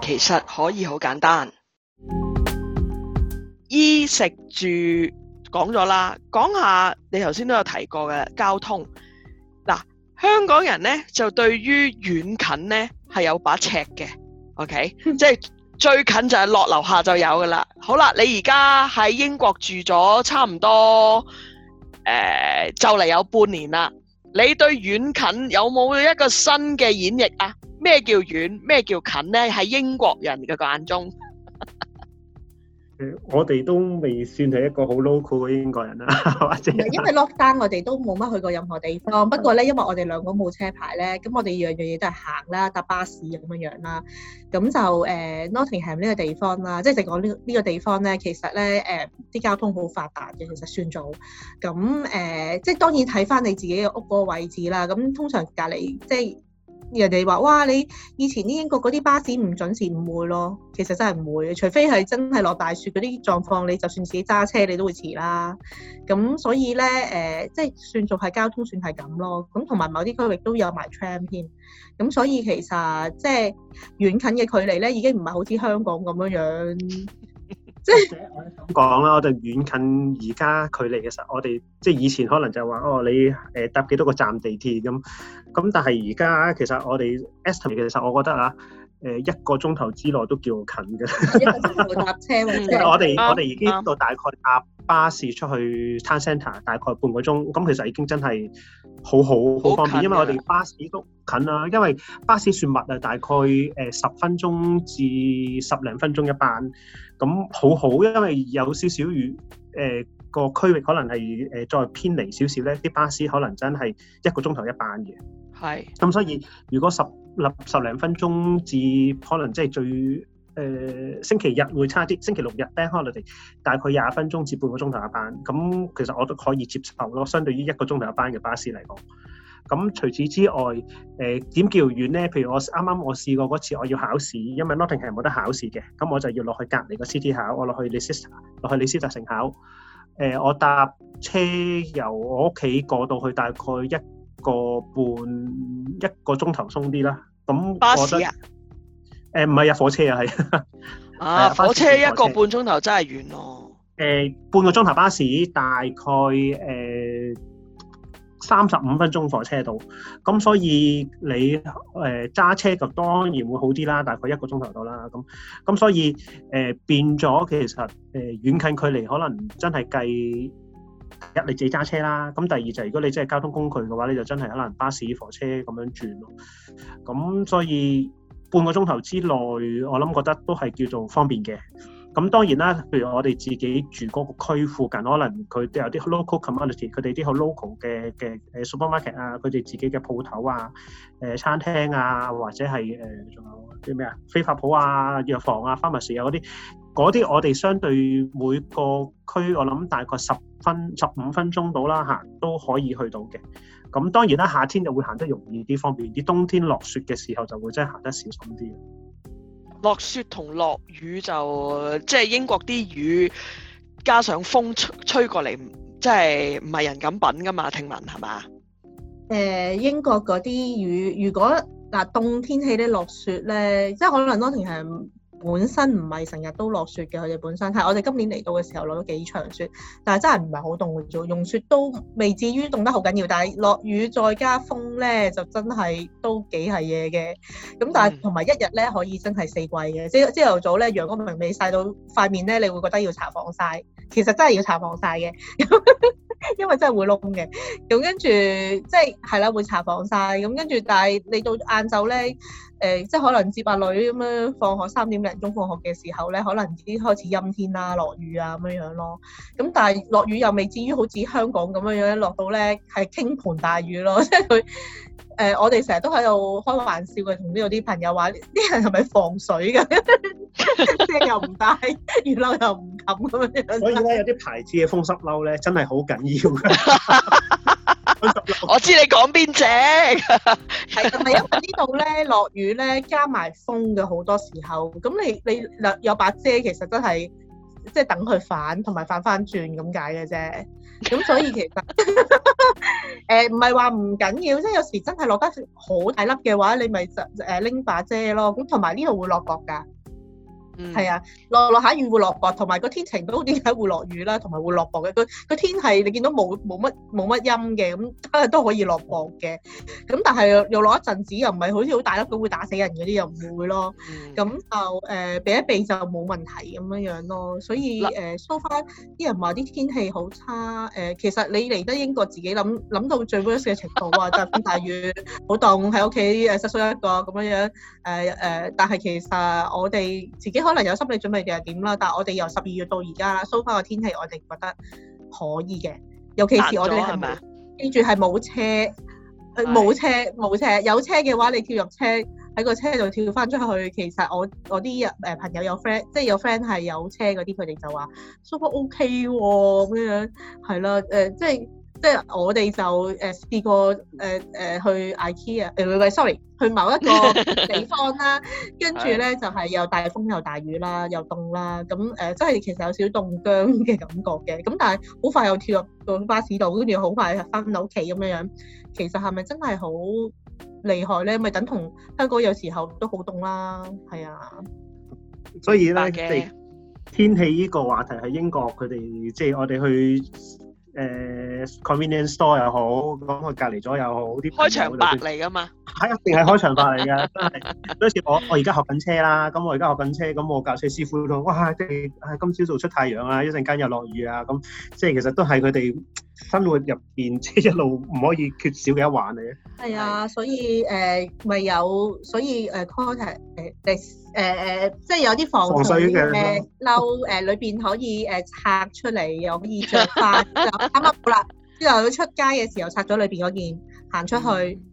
其實可以好簡單，衣食住講咗啦，講,講下你頭先都有提過嘅交通。嗱、呃，香港人呢，就對於遠近呢係有把尺嘅，OK， 即係最近就係落樓下就有噶啦。好啦，你而家喺英國住咗差唔多誒、呃、就嚟有半年啦，你對遠近有冇一個新嘅演繹啊？咩叫遠？咩叫近咧？喺英國人嘅眼中，誒、 嗯，我哋都未算係一個好 local 嘅英國人啦，或者，因為 lockdown 我哋都冇乜去過任何地方。不過咧，因為我哋兩個冇車牌咧，咁我哋樣樣嘢都係行啦，搭巴士咁樣樣啦。咁就誒、呃、Nottingham 呢個地方啦，即係講呢個呢個地方咧，其實咧誒啲交通好發達嘅，其實算早。咁誒、呃，即係當然睇翻你自己嘅屋個位置啦。咁通常隔離即係。人哋話哇，你以前英國嗰啲巴士唔準時唔會咯，其實真係唔會，除非係真係落大雪嗰啲狀況，你就算自己揸車你都會遲啦。咁所以咧誒、呃，即係算做係交通算係咁咯。咁同埋某啲區域都有埋 tram 添。咁所以其實即係遠近嘅距離咧，已經唔係好似香港咁樣樣。即係我講啦，我就遠近而家距離嘅時候，我哋即係以前可能就話哦，你誒搭幾多個站地鐵咁咁，但係而家其實我哋 estimate，其實我覺得啊。誒一個鐘頭之內都叫近嘅， 搭車。我哋我哋已經到大概搭巴士出去 town centre，嗯、大概半個鐘。咁、嗯嗯、其實已經真係好好好方便，因為我哋巴士都近啦。因為巴士算密啊，大概誒十、呃、分鐘至十零分鐘一班，咁好好。因為有少少雨誒。呃個區域可能係誒、呃、再偏離少少咧，啲巴士可能真係一個鐘頭一班嘅。係。咁所以如果十粒十零分鐘至可能即係最誒、呃、星期日會差啲，星期六日 Bank Holiday 大概廿分鐘至半個鐘頭一班。咁其實我都可以接受咯，相對於一個鐘頭一班嘅巴士嚟講。咁除此之外，誒、呃、點叫遠咧？譬如我啱啱我試過嗰次我要考試，因為 Nottingham 冇得考試嘅，咁我就要落去隔離個 City 考，我落去李斯特落去李斯特城考。誒、呃、我搭車由我屋企過到去大概一個半一個鐘頭鬆啲啦，咁巴士？我覺得誒唔係啊火車啊，係啊火車一個半鐘頭真係遠咯，誒、呃、半個鐘頭巴士大概誒。呃三十五分鐘火車到，咁所以你誒揸車就當然會好啲啦，大概一個鐘頭到啦，咁咁所以誒、呃、變咗其實誒、呃、遠近距離可能真係計一你自己揸車啦，咁第二就係如果你真係交通工具嘅話，你就真係可能巴士、火車咁樣轉咯，咁所以半個鐘頭之內，我諗覺得都係叫做方便嘅。咁當然啦，譬如我哋自己住嗰個區附近，可能佢都有啲 local community，佢哋啲好 local 嘅嘅誒 supermarket 啊，佢哋自己嘅鋪頭啊，誒、呃、餐廳啊，或者係誒仲有啲咩啊，非法鋪啊、藥房啊、pharmacy 啊嗰啲，嗰啲我哋相對每個區，我諗大概十分十五分鐘到啦嚇，都可以去到嘅。咁當然啦，夏天就會行得容易啲，方便啲；冬天落雪嘅時候就會真係行得小心啲。落雪同落雨就即係英國啲雨，加上風吹吹過嚟，即係唔係人咁品㗎嘛？聽聞係嘛？誒、呃，英國嗰啲雨，如果嗱、呃，冬天氣咧落雪咧，即係可能都係唔。本身唔係成日都落雪嘅，佢哋本身，但係我哋今年嚟到嘅時候落咗幾場雪，但係真係唔係好凍嘅啫，融雪都未至於凍得好緊要，但係落雨再加風咧，就真係都幾係嘢嘅。咁但係同埋一日咧可以真係四季嘅，即係朝頭早咧陽光明明曬到塊面咧，你會覺得要搽防曬，其實真係要搽防曬嘅， 因為真係會燶嘅。咁跟住即係係啦，會搽防曬。咁跟住但係你到晏晝咧。誒、呃，即係可能接阿女咁樣放學，三點零鐘放學嘅時候咧，可能已經開始陰天啦、啊，落雨啊咁樣樣咯。咁但係落雨又未至於好似香港咁樣樣，落到咧係傾盆大雨咯。即係佢誒，我哋成日都喺度開玩笑嘅，同呢度啲朋友話：啲人係咪防水㗎？遮 又唔帶，雨褸又唔冚咁樣。 所以咧，有啲牌子嘅風濕褸咧，真係好緊要。 我知你講邊隻。係，同埋因為呢度咧落雨咧加埋風嘅好多時候，咁你你有把遮其實真係即係等佢反同埋反翻轉咁解嘅啫，咁所以其實誒唔係話唔緊要，即係有時真係落得好大粒嘅話，你咪就誒拎把遮咯，咁同埋呢度會落角噶。係、嗯、啊，落落下雨會落雹，同埋個天晴都點解會落雨啦，同埋會落雹嘅。個個天係你見到冇冇乜冇乜陰嘅，咁都、嗯、可以落雹嘅。咁但係又落一陣子，又唔係好似好大粒佢會打死人嗰啲，又唔會咯。咁、嗯、就誒、呃、避一避就冇問題咁樣樣咯。所以誒 s 翻啲了、呃、人話啲天氣好差誒、呃，其實你嚟得英國自己諗諗到最 worse 嘅程度啊， 就係變大雨好凍喺屋企誒瑟縮一個咁樣樣誒誒。但係其實我哋自己。可能有心理準備定係點啦，但係我哋由十二月到而家，啦，so far 嘅天氣我哋覺得可以嘅，尤其是我哋係咪跟住係冇車，冇、呃、對 車冇車，有車嘅話你跳入車喺個車度跳翻出去，其實我我啲人誒朋友有 friend，即係有 friend 係有車嗰啲，佢哋就話 so far OK 喎咁樣，係啦誒即係。呃就是即係我哋就誒試過誒誒去 IKEA 誒唔係 sorry 去某一個地方啦，跟住咧就係又大風又大雨啦，又凍啦，咁誒即係其實有少少凍僵嘅感覺嘅。咁但係好快又跳入到巴士度，跟住好快翻到屋企咁樣樣。其實係咪真係好厲害咧？咪等同香港有時候都好凍啦，係啊。所以咧，天氣呢個話題係英國佢哋，即係我哋去。誒 convenience store 又好，咁佢隔離咗又好，啲開場白嚟㗎嘛。係一定係開場白嚟㗎，真係。好似我我而家學緊車啦，咁我而家學緊車，咁我教車師傅都，哇！即係今朝早出太陽啊，一陣間又落雨啊，咁即係其實都係佢哋生活入邊即係一路唔可以缺少嘅一環嚟嘅。係啊，所以誒咪有，所以誒 coat 即係有啲防水嘅褸，誒裏邊可以誒、呃、拆出嚟又可以着翻，啱啱好啦，之 後要出街嘅時候拆咗裏邊嗰件行出去。嗯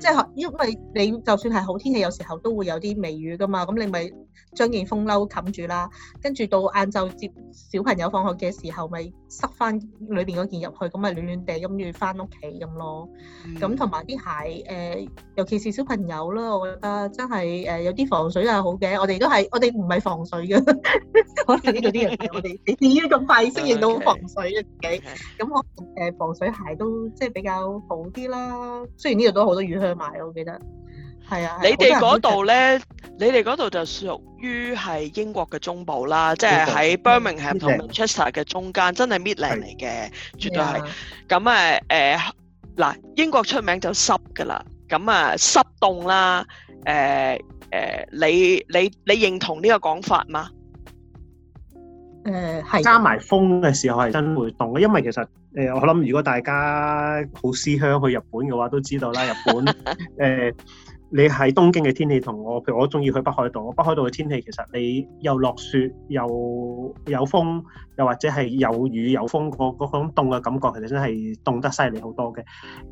即係 因為你就算係好天氣，有時候都會有啲微雨噶嘛，咁你咪將件風褸冚住啦，跟住到晏晝接小朋友放學嘅時候，咪塞翻裏邊嗰件入去，咁咪暖暖地咁要翻屋企咁咯。咁同埋啲鞋誒、呃，尤其是小朋友啦，我覺得真係誒、呃、有啲防水係好嘅。我哋都係我哋唔係防水嘅， 可能呢度啲人我哋你至於咁快適應到防水嘅自己。咁 我誒防水鞋都即係比較好啲啦。雖然呢度都好多。去買，我記得。係啊，你哋嗰度咧，你哋嗰度就屬於係英國嘅中部啦，即係喺 Birmingham 同 Manchester 嘅中間，真係 Midland 嚟嘅，絕對係。咁啊，誒嗱，英國出名就濕噶㗎啦，咁啊濕凍啦，誒誒，你你你認同呢個講法嗎？誒，嗯、加埋風嘅時候係真會凍嘅，因為其實誒，我諗如果大家好思鄉去日本嘅話，都知道啦。日本誒、 呃，你喺東京嘅天氣同我，譬如我中意去北海道，北海道嘅天氣其實你又落雪又有風，又或者係有雨有風，個嗰種凍嘅感覺其實真係凍得犀利好多嘅。誒、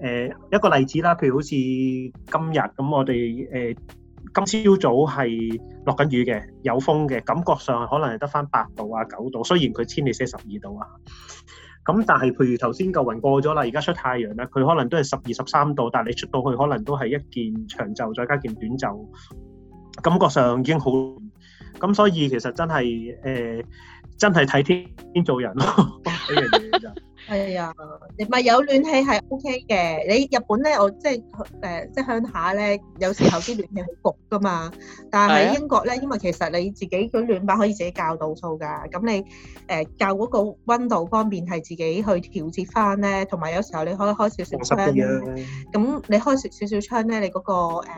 呃，一個例子啦，譬如好似今日咁，我哋誒。呃今朝早係落緊雨嘅，有風嘅，感覺上可能係得翻八度啊九度，雖然佢千里寫十二度啊。咁但係，譬如頭先嚿雲過咗啦，而家出太陽啦，佢可能都係十二十三度，但係你出到去可能都係一件長袖再加件短袖，感覺上已經好。咁所以其實真係誒、呃，真係睇天做人咯，呢樣嘢就。係啊，你咪，哎，有暖氣係 OK 嘅。你日本咧，我即係誒，呃，即係鄉下咧，有時候啲暖氣好焗㗎嘛。但係喺英國咧，啊，因為其實你自己個暖板可以自己校度數㗎。咁你誒校嗰個温度方面係自己去調節翻咧。同埋有，有時候你可以開少少窗。濕嘅嘢。咁你開少少窗咧，你嗰，嗰個，呃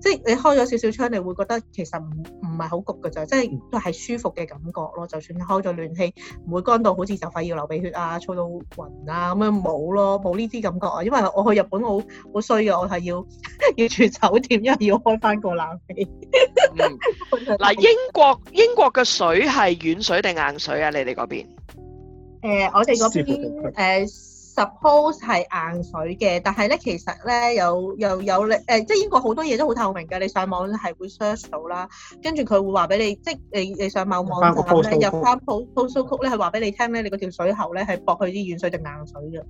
即係你開咗少少窗，你會覺得其實唔唔係好焗嘅啫，即係都係舒服嘅感覺咯。嗯、就算開咗暖氣，唔會乾到好似就快要流鼻血啊、燥到暈啊咁樣冇咯，冇呢啲感覺啊。因為我去日本好好衰嘅，我係要要住酒店，因為要開翻個冷氣。嗱、 嗯啊，英國英國嘅水係軟水定硬水啊？你哋嗰邊？呃、我哋嗰邊 Suppose 係硬水嘅，但係咧其實咧有又有你誒、呃，即係英國好多嘢都好透明㗎，你上網係會 search 到啦，跟住佢會話俾你，即係你你上某網,網站咧入翻 postcode 咧，佢話俾你聽咧，你嗰條水喉咧係駁去啲軟水定硬水嘅。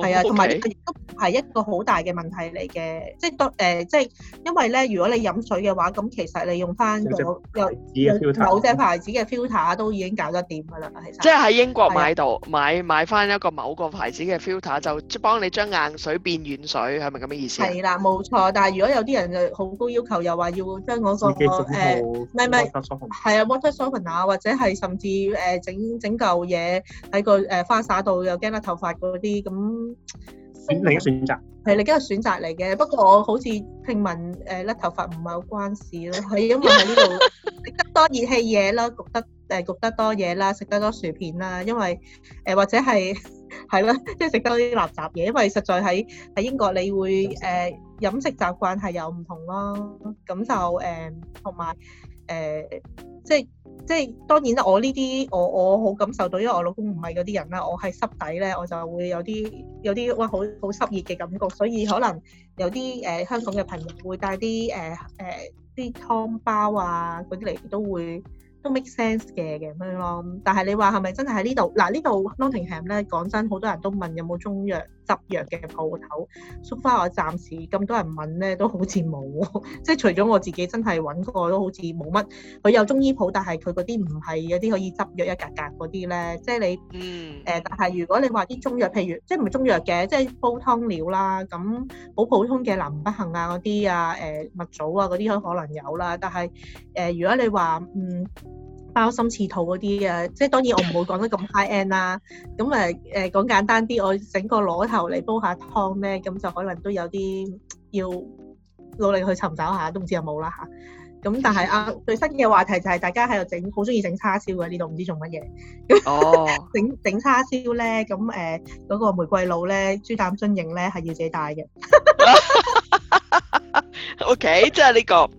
係啊，同埋亦都係一個好大嘅問題嚟嘅，即係當誒，即係因為咧，如果你飲水嘅話，咁其實你用翻、嗰個、有有某隻牌子嘅 filter 都已經搞得掂㗎啦，其實。即係喺英國買度、啊，買買翻一個某個牌子嘅 filter，就即幫你將硬水變軟水，係咪咁嘅意思？係啦，冇錯。但係如果有啲人就好高要求，又話要將嗰、嗰個咩咩，係唔啊，water soft 啊，ner，或者係甚至誒整整嚿嘢喺個誒花灑度又驚甩頭髮嗰啲咁。另一選擇係另一個選擇嚟嘅，不過我好似聽聞，誒甩頭髮唔係好關事咯，係因為喺呢度食得多熱氣嘢啦，焗得誒焗得多嘢啦，食得多薯片啦，因為誒或者係係咯，即係食得多啲垃雜嘢，因為實在喺喺英國你會誒飲食習慣係有唔同咯，咁就誒同埋誒即係。即係當然啦，我呢啲我我好感受到，因為我老公唔係嗰啲人啦，我係濕底咧，我就會有啲有啲哇好好濕熱嘅感覺，所以可能有啲誒、呃、香港嘅朋友會帶啲誒誒啲湯包啊嗰啲嚟，都會都 make sense 嘅咁樣咯。但係你話係咪真係喺呢度嗱呢度 Nottingham 咧？講真，好多人都問有冇中藥。執藥嘅鋪頭，縮翻我暫時咁多人問咧，都好似冇，即係除咗我自己真係揾過，都好似冇乜。佢有中醫鋪，但係佢嗰啲唔係有啲可以執藥一格格嗰啲咧，即係你誒、嗯呃。但係如果你話啲中藥，譬如即係唔係中藥嘅，即係煲湯料啦，咁好普通嘅南北杏啊、嗰啲啊、誒蜜棗啊嗰啲都可能有啦。但係誒、呃，如果你話嗯。鮑參翅肚嗰啲啊，即係當然我唔會講得咁 high end 啦。咁誒誒講簡單啲，我整個螺頭嚟煲下湯咧，咁就可能都有啲要努力去尋找下，都唔知有冇啦嚇。咁但係啊，最新嘅話題就係大家喺度整，好中意整叉燒嘅呢度唔知做乜嘢。哦，整整叉燒咧，咁誒嗰個玫瑰露咧、豬膽樽形咧係要自己帶嘅。OK，即係呢個。.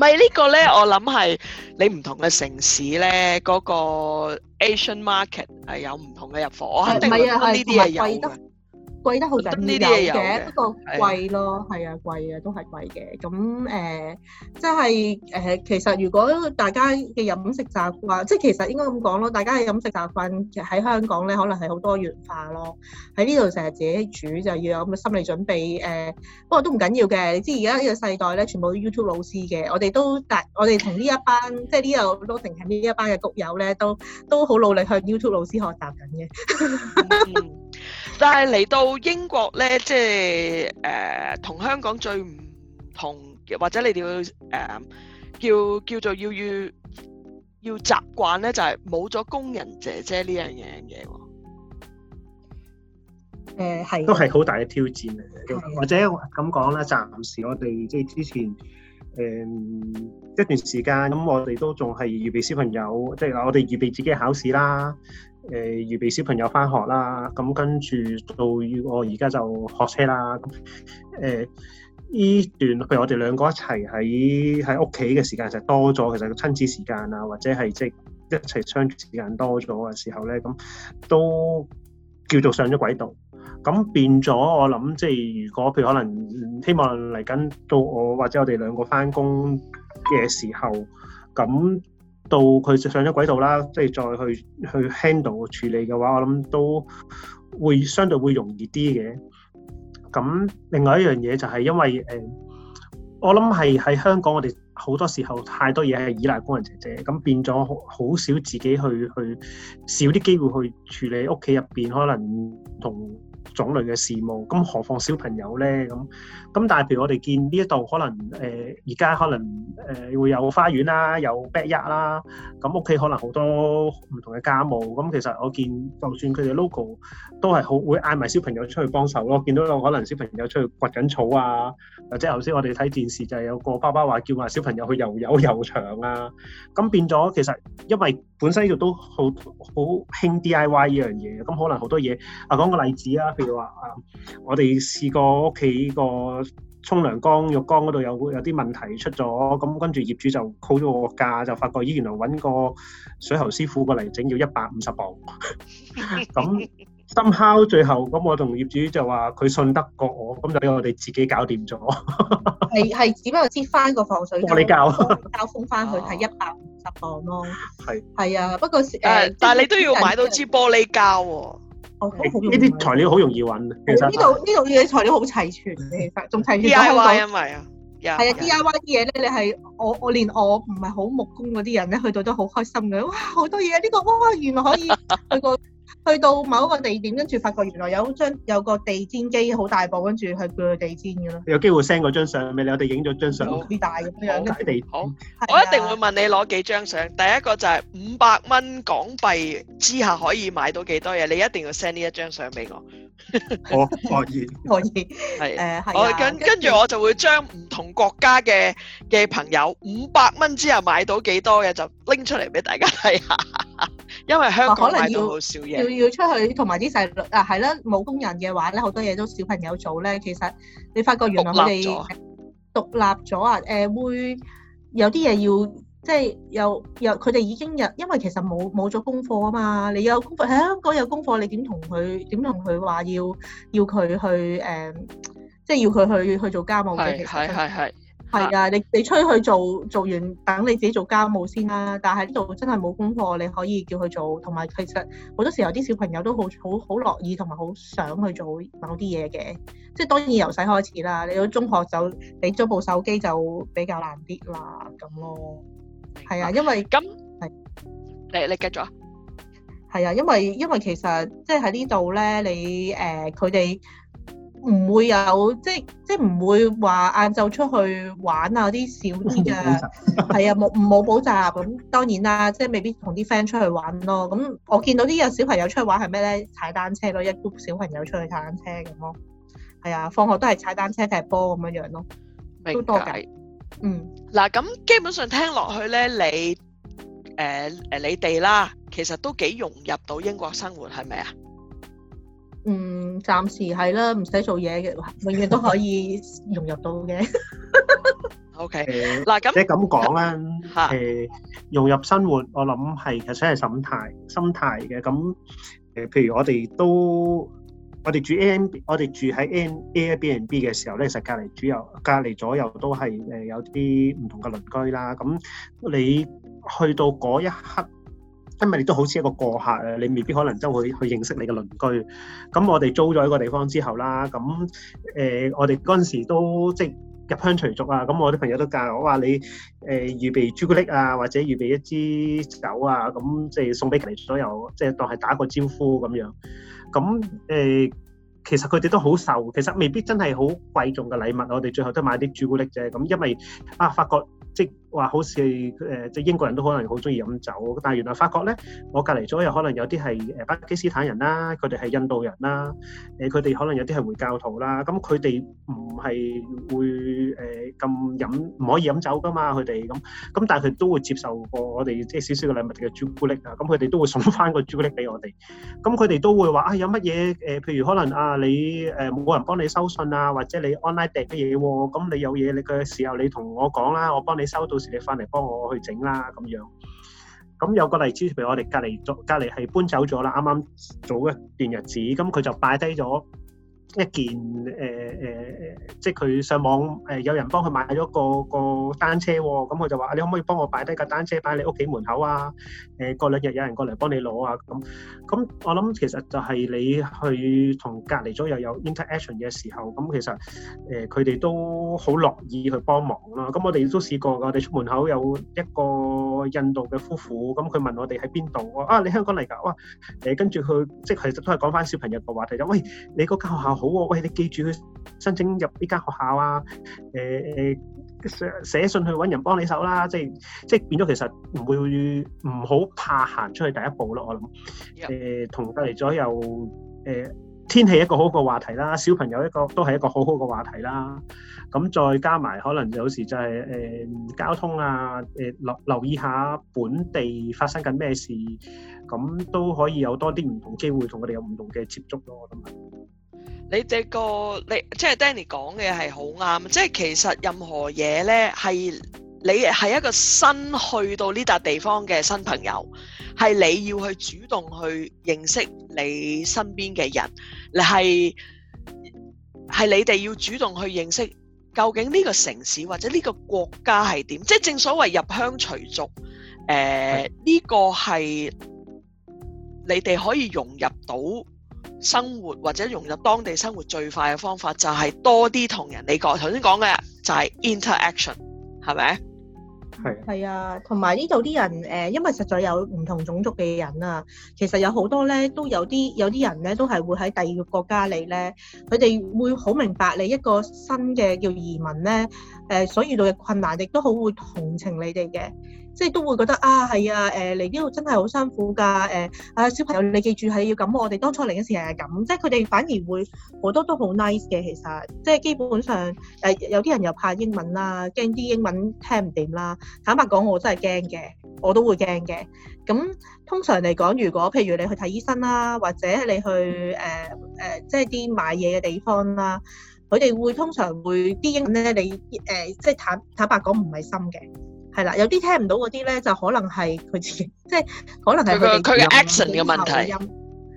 唔係、這個、呢個咧，我諗係你唔同嘅城市咧，嗰、那個 Asian market 係有唔同嘅入貨是我肯定係啊，呢啲係有。貴得好緊要嘅，不過貴咯，係啊的，貴啊，都係貴嘅。咁誒，即係誒，其實如果大家嘅飲食習慣，即係其實應該咁講咯，大家嘅飲食習慣其實喺香港咧，可能係好多元化咯。喺呢度成日自己煮，就要有咁嘅心理準備。誒、呃，不過都唔緊要嘅。你知而家呢個世代咧，全部 YouTube 老師嘅，我哋都大，我哋同呢一班，嗯、即係呢度都淨係呢一班嘅谷友咧，都呢都好努力向 YouTube 老師學習緊嘅。嗯 但係嚟到英國咧，即係誒，同、呃、香港最唔同，或者你哋要誒、呃、叫叫做要要要習慣咧，就係冇咗工人姐姐呢樣嘢嘢。誒係、呃，都係好大嘅挑戰嚟嘅！是或者咁講啦，暫時我哋即係之前誒、嗯、一段時間咁、嗯，我哋都仲係預備小朋友，即、就、係、是、我哋預備自己嘅考試啦。誒、呃、預備小朋友翻學啦，咁、嗯、跟住到我而家就學車啦。誒、嗯、呢、呃、段譬如我哋兩個一齊喺喺屋企嘅時間，就多咗，其實個親子時間啊，或者係即係一齊相處時間多咗嘅時候咧，咁、嗯、都叫做上咗軌道。咁、嗯、變咗我諗，即係如果譬如可能希望嚟緊到我或者我哋兩個翻工嘅時候，咁、嗯。到佢上咗軌道啦，即係再去去 handle 處理嘅話，我諗都會相對會容易啲嘅。咁另外一樣嘢就係因為誒、呃，我諗係喺香港，我哋好多時候太多嘢係依賴工人姐姐，咁變咗好少自己去去少啲機會去處理屋企入邊可能同種類嘅事務，咁何況小朋友咧？咁咁，但係譬如我哋見呢一度可能誒，而、呃、家可能誒、呃、會有花園啦、啊，有 backyard 啦、啊，咁屋企可能好多唔同嘅家務。咁其實我見就算佢哋 local 都係好會嗌埋小朋友出去幫手咯。見到有可能小朋友出去掘緊草啊，或者頭先我哋睇電視就係有個爸爸話叫埋小朋友去遊遊遊場啊。咁變咗其實因為本身呢度都好好興 DIY 呢樣嘢，咁可能好多嘢，我、啊、講個例子啊。譬如話啊，我哋試過屋企個沖涼缸、浴缸嗰度有有啲問題出咗，咁跟住業主就 call 咗個價，就發覺咦，原來搵個水喉師傅過嚟整要一百五十磅。咁深烤最後，咁我同業主就話佢信得過我，咁就俾我哋自己搞掂咗。係 係，只不過接翻個防水玻璃膠，膠 封翻佢係一百五十磅咯。係係啊，是啊，不過誒，呃、但係你都要買到支玻璃膠、啊。呢啲、哦、材料好容易揾，其實呢度呢度嘅材料好齊全，其實仲齊全喺香港。D I Y，因為啊，係啊，D I Y 啲嘢咧，你係我我連我唔係好木工嗰啲人咧， 去到都好開心嘅。哇，好多嘢呢、呢個哇，原來可以去過。 去到某一個地點，跟住發覺原來有張有個地氈機好大部，跟住去攰地氈嘅咯。有機會 send 嗰張相俾你，我哋影咗張相好大嘅地方。好，我一定會問你攞幾張相。第一個就係五百蚊港幣之下可以買到幾多嘢，你一定要 send 呢一張相俾我。我可以，可以，係誒係啊。跟跟住我就會將唔同國家嘅嘅朋友五百蚊之下買到幾多嘅就拎出嚟俾大家睇下。 因為香港少可能要要要出去同埋啲細路，啊係啦，冇工人嘅話咧，好多嘢都小朋友做咧。其實你發覺原來佢哋獨立咗啊！誒、呃、會有啲嘢要即係又又佢哋已經有，因為其實冇冇咗功課啊嘛。你有功課喺，哎，香港有功課，你點同佢點同佢話要要佢去誒，呃，即係要佢去去做家務嘅。係係係。係啊，你你催佢做做完，等你自己做家務先啦、啊。但係呢度真係冇功課，你可以叫佢做。同埋其實好多時候啲小朋友都好好好樂意同埋好想去做某啲嘢嘅。即係當然由細開始啦。你到中學就俾咗部手機就比較難啲啦，咁咯。係啊，因為咁係，嗯、係啊。你你繼續啊。係啊，因為因為其實即係喺呢度咧，你誒佢哋，呃唔會有即即唔會話晏晝出去玩啊啲少啲嘅，係 啊冇冇補習咁當然啦，即未必同啲 friend 出去玩咯。咁我見到啲有小朋友出去玩係咩咧？踩單車咯，一 group 小朋友出去踩單車咁咯。係啊，放學都係踩單車踢波咁樣樣咯，都多計。白嗯，嗱咁基本上聽落去咧，你誒誒、呃、你哋啦，其實都幾融入到英國生活係咪啊？嗯，暫時係啦，唔使做嘢嘅，永遠都可以融入到嘅。OK，嗱咁即係咁講啦。誒，融入生活，我諗係其實係心態，心態嘅。咁誒，譬如我哋都我哋住 A M，我哋住喺 Airbnb 嘅時候咧，其實隔離左右，隔離左右都係誒有啲唔同嘅鄰居啦。咁你去到嗰一刻。因為你都好似一個過客啊，你未必可能真會去認識你嘅鄰居。咁我哋租咗一個地方之後啦，咁誒我哋嗰陣時都即入鄉隨俗啊。咁我啲朋友都教我話你誒預備朱古力啊，或者預備一支酒啊，咁即送俾其他所有，即當係打個招呼咁樣。咁誒其實佢哋都好受，其實未必真係好貴重嘅禮物。我哋最後都買啲朱古力啫。咁因為啊，發覺即。話好似誒即係英國人都可能好中意飲酒，但係原來發覺咧，我隔離左右可能有啲係誒巴基斯坦人啦，佢哋係印度人啦，誒佢哋可能有啲係回教徒啦，咁佢哋唔係會誒咁飲，唔可以飲酒㗎嘛佢哋咁，咁但係佢都會接受過我哋即係少少嘅禮物嘅朱古力啊，咁佢哋都會送翻個朱古力俾我哋，咁佢哋都會話啊有乜嘢誒？譬如可能啊你誒冇人幫你收信啊，或者你 online 訂嘅嘢喎，咁你有嘢你嘅時候你同我講啦，我幫你收到。到時你翻嚟幫我去整啦，咁樣。咁有個例子譬如我哋隔離，隔離係搬走咗啦，啱啱做一段日子，咁佢就擺低咗，一件誒誒誒，即係佢上網誒，有人幫佢買咗個個單車喎，咁佢就話：你可唔可以幫我擺低架單車擺喺你屋企門口啊？誒，過兩日有人過嚟幫你攞啊！咁咁，我諗其實就係你去同隔離咗又有 interaction 嘅時候，咁其實誒佢哋都好樂意去幫忙咯。咁我哋都試過㗎，我哋出門口有一個印度嘅夫婦，咁佢問我哋喺邊度？我啊，你香港嚟㗎？哇！誒，跟住佢即係其實都係講返小朋友個話題就：喂，你嗰間學校。好喎，喂！你記住去申請入呢間學校啊，誒誒寫寫信去揾人幫你手啦，即係即係變咗其實唔會，唔好怕行出去第一步咯。我諗誒同隔離左右誒天氣一個好好嘅話題啦，小朋友一個都係一個好好嘅話題啦。咁再加埋可能有時就係誒交通啊，誒留留意下本地發生緊咩事，咁都可以有多啲唔同機會同佢哋有唔同嘅接觸咯。咁啊～你哋個你即係 Danny 講嘅係好啱，即係其實任何嘢咧係你係一個新去到呢笪地方嘅新朋友，係你要去主動去認識你身邊嘅人，你係係你哋要主動去認識究竟呢個城市或者呢個國家係點，即係正所謂入鄉隨俗，誒、呃、呢是的 個係你哋可以融入到。生活或者融入當地生活最快嘅方法就係、是、多啲同人哋講，頭先講嘅就係 interaction，係咪？係。係啊，同埋呢度啲人誒，因為實在有唔同種族嘅人啊，其實有好多咧都有啲有啲人咧都係會喺第二個國家嚟咧，佢哋會好明白你一個新嘅叫移民咧誒所遇到嘅困難，亦都好會同情你哋嘅。即係都會覺得啊，係啊，誒嚟呢度真係好辛苦㗎，誒、呃、啊小朋友你記住係要咁，我哋當初嚟嘅時係咁，即係佢哋反而會好多都好 nice 嘅，其實即係基本上誒、呃、有啲人又怕英文啦，驚啲英文聽唔掂啦。坦白講，我真係驚嘅，我都會驚嘅。咁、嗯、通常嚟講，如果譬如你去睇醫生啦，或者你去誒誒、呃呃、即係啲買嘢嘅地方啦，佢哋會通常會啲英文咧你誒、呃、即係坦坦白講唔係深嘅。係啦，有啲聽唔到嗰啲咧，就可能係佢自己， 即係可能係佢哋嘅 action 嘅問題。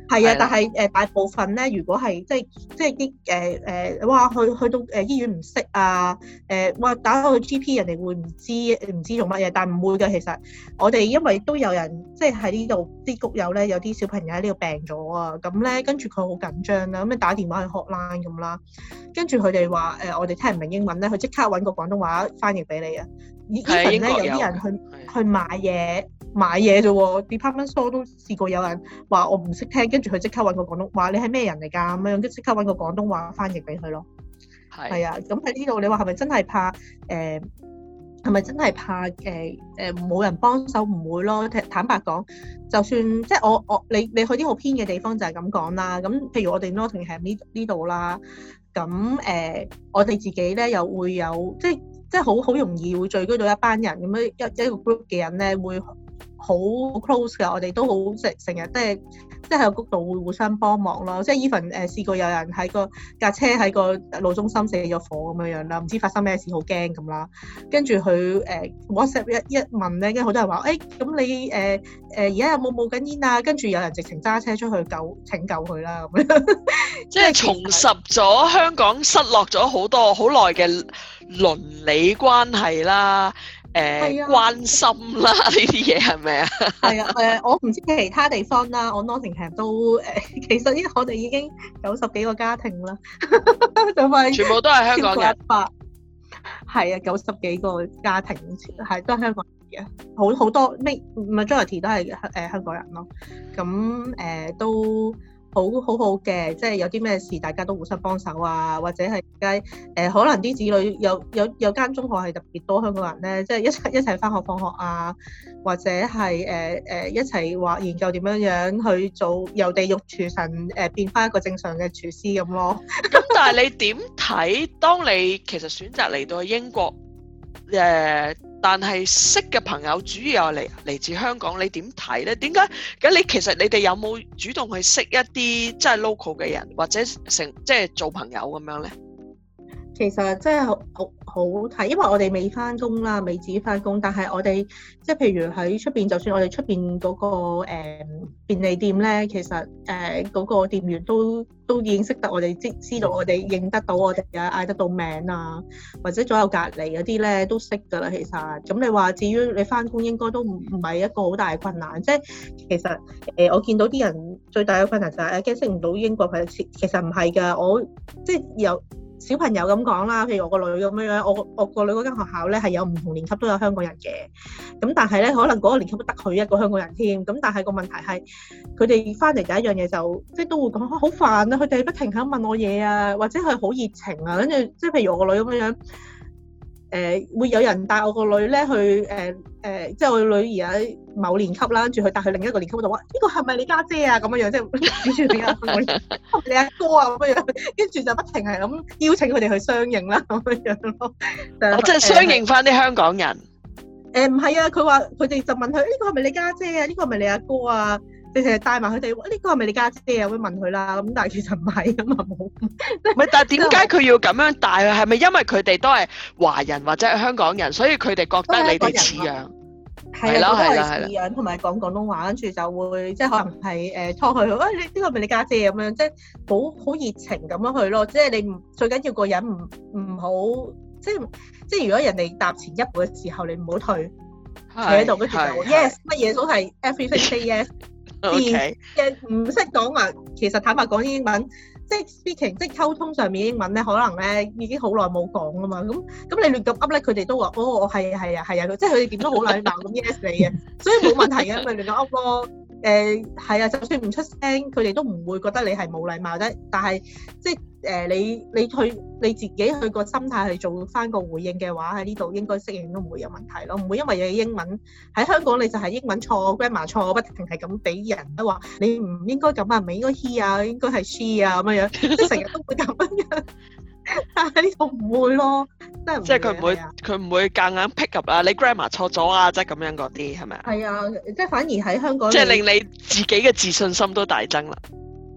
係啊，的但係誒、呃、大部分咧，如果係即係即係啲誒誒，哇去去到誒、呃、醫院唔識啊，誒、呃、哇打去 GP 人哋會唔知唔知做乜嘢，但係唔會嘅。其實我哋因為都有人即係喺呢度啲谷友咧，有啲小朋友喺呢度病咗啊，咁咧跟住佢好緊張啦，咁就打電話去 hotline 咁啦，跟住佢哋話誒我哋聽唔明英文咧，佢即刻揾個廣東話翻譯俾你啊。even 咧有啲人去的去買嘢買嘢啫喎，department store 都試過有人話我唔識聽，跟住佢即刻揾個廣東話，你係咩人嚟㗎咁樣，跟住即刻揾個廣東話翻譯俾佢咯。係啊的，咁喺呢度你話係咪真係怕誒？係、呃、咪真係怕誒誒冇人幫手唔會咯？坦白講，就算即係我我你你去啲好偏嘅地方就係咁講啦。咁譬如我哋 Nottingham 呢呢度啦，咁誒、呃、我哋自己咧又會有即係。即係好好容易會聚居到一班人咁樣，一一個 group 嘅人咧，會好 close 嘅。我哋都好成成日都係。即係有谷度會互相幫忙咯，即係依份，誒試過有人喺個架車喺個路中心死咗火咁樣樣啦，唔知發生咩事好驚咁啦，跟住佢誒、呃、WhatsApp 一一問咧，跟住好多人話，誒咁你誒誒而家有冇冒緊煙啊？跟住有人直情揸車出去救拯救佢啦咁樣，即係是 重拾咗香港失落咗好多好耐嘅倫理關係啦。誒、呃啊、關心啦，呢啲嘢係咪啊？係、呃、啊，誒我唔知其他地方啦，我 Nottingham 都誒、呃，其實因為我哋已經九十幾個家庭啦，就 係還有 全部都係香港人。一百，係啊，九十幾個家庭係都係香港人嘅，好好多咩唔係 majority 都係香香港人咯，咁誒、呃、都。好，好好好嘅，即係有啲咩事，大家都互相幫手啊，或者係而家誒，可能啲子女有有有間中學係特別多香港人咧，即係一齊一齊返學放學啊，或者係誒誒一齊話研究點樣樣去做由地獄廚神誒、呃、變返一個正常嘅廚師咁咯。咁 但係你點睇？當你其實選擇嚟到英國？誒，但係識嘅朋友主要係嚟嚟自香港，你點睇咧？點解咁？你其實你哋有冇主動去識一啲即係 local 嘅人，或者成即係做朋友咁樣咧？其實即係好好睇，因為我哋未翻工啦，未至於翻工。但係我哋即係譬如喺出邊，就算我哋出邊嗰個誒便利店咧，其實誒嗰個店員都都已經識得我哋，知知道我哋認得到我哋啊，嗌得到名啊，或者左右隔離嗰啲咧都識噶啦。其實咁你話至於你翻工，應該都唔唔係一個好大困難。即係其實誒、呃，我見到啲人最大嘅困難就係、是、驚識唔到英國朋友。其實唔係㗎，我即係有。小朋友咁講啦，譬如我個女咁樣樣，我我個女嗰間學校咧係有唔同年級都有香港人嘅，咁但係咧可能嗰個年級都得佢一個香港人添，咁但係個問題係佢哋翻嚟第一樣嘢就即係都會講好煩啊，佢哋不停喺度問我嘢啊，或者係好熱情啊，跟住即係譬如我個女咁樣。誒會有人帶我個女咧去誒誒，即係我個女兒喺某年級啦，跟住佢帶去另一個年級嗰度，話，呢個係咪你家姐啊？咁樣樣，即係跟住點解你阿哥啊？咁樣，跟住就不停係咁邀請佢哋去相認啦，咁樣樣咯。我即係相認翻啲香港人。誒唔係啊，佢話佢哋就問佢：呢個係咪你家姐啊？呢個係咪你阿哥啊？這個、是是你成日帶埋佢哋，呢個係咪你家姐啊？會問佢啦，咁但係其實唔係咁啊，冇。唔係，但係點解佢要咁樣帶？係咪因為佢哋都係華人或者係香港人，所以佢哋覺得你哋似樣？係咯、啊，係似樣同埋講廣東話，跟住就會即係可能係誒拖佢，喂、呃，呢、呢個咪你家姐咁樣？即係好好熱情咁樣去咯。即係你唔最緊要個人唔唔好，即係即係如果人哋踏前一步嘅時候，你唔好退，企喺度跟住就 yes，乜嘢的的都係 everything say yes。 Okay. 而嘅唔識講話，其實坦白講英文，即係 speaking，即係溝通上面英文咧，可能咧已經好耐冇講啦嘛。咁咁你亂咁噏咧，佢哋都話：哦，係啊，係啊，係啊，即係佢哋點都好禮貌咁 yes 你嘅，所以冇問題嘅，咪亂咁噏咯。誒係啊，就算唔出聲，佢哋都唔會覺得你係冇禮貌啫。但係即係誒、呃、你你去你自己去個心態去做翻個回應嘅話，喺呢度應該適應都唔會有問題咯。唔會因為你英文喺香港你就係英文錯 grammar 錯，不停係咁俾人都話你唔應該咁啊，唔應該 he 啊，應該係 she 啊咁樣樣，即係成日都會咁樣。呢度唔會咯，會即係即係佢唔會，佢唔、啊、會夾、啊、硬 pick up 啦、啊。你 grandma 錯咗啊，即係咁樣嗰啲係咪啊？係啊，即係反而喺香港，即係令你自己嘅自信心都大增啦。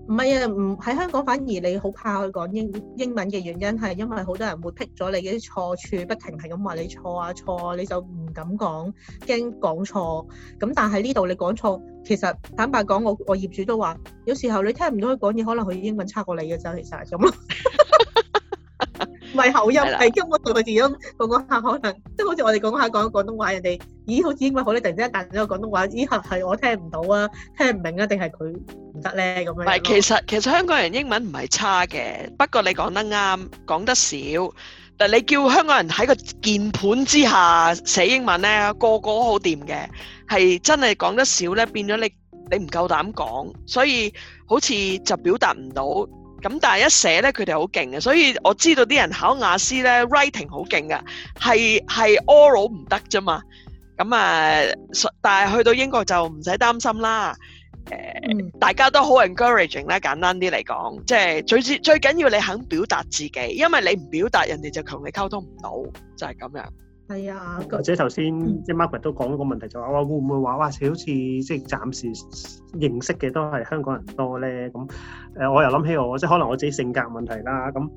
唔係啊，唔喺香港反而你好怕去講英英文嘅原因係因為好多人會 pick 咗你啲錯處，不停係咁話你錯啊錯啊，你就唔敢講，驚講錯。咁但係呢度你講錯，其實坦白講，我我業主都話，有時候你聽唔到佢講嘢，可能佢英文差過你嘅就其實係咁。 唔係口音，係根本同佢自己。講講下可能，即係好似我哋講講下講廣東話，人哋咦，好似英文好咧，突然之間彈咗個廣東話，咦嚇係我聽唔到啊，聽唔明啊，定係佢唔得咧咁樣？唔係，其實其實香港人英文唔係差嘅，不過你講得啱，講得少。但係你叫香港人喺個鍵盤之下寫英文咧，個個都好掂嘅，係真係講得少咧，變咗你你唔夠膽講，所以好似就表達唔到。咁但係一寫咧，佢哋好勁嘅，所以我知道啲人考雅思咧，writing 好勁㗎，係，係 oral 唔得啫嘛。咁啊，但係去到英國就唔使擔心啦。誒，大家都好 encouraging 咧，簡單啲嚟講，即係最最最緊要你肯表達自己，因為你唔表達，人哋就同你溝通唔到，就係咁樣。係啊，或者頭先即係 Margaret 都講個問題就話，會唔會話哇？好似即係暫時認識嘅都係香港人多咧。咁、嗯、誒，我又諗起我即係可能我自己性格問題啦。咁、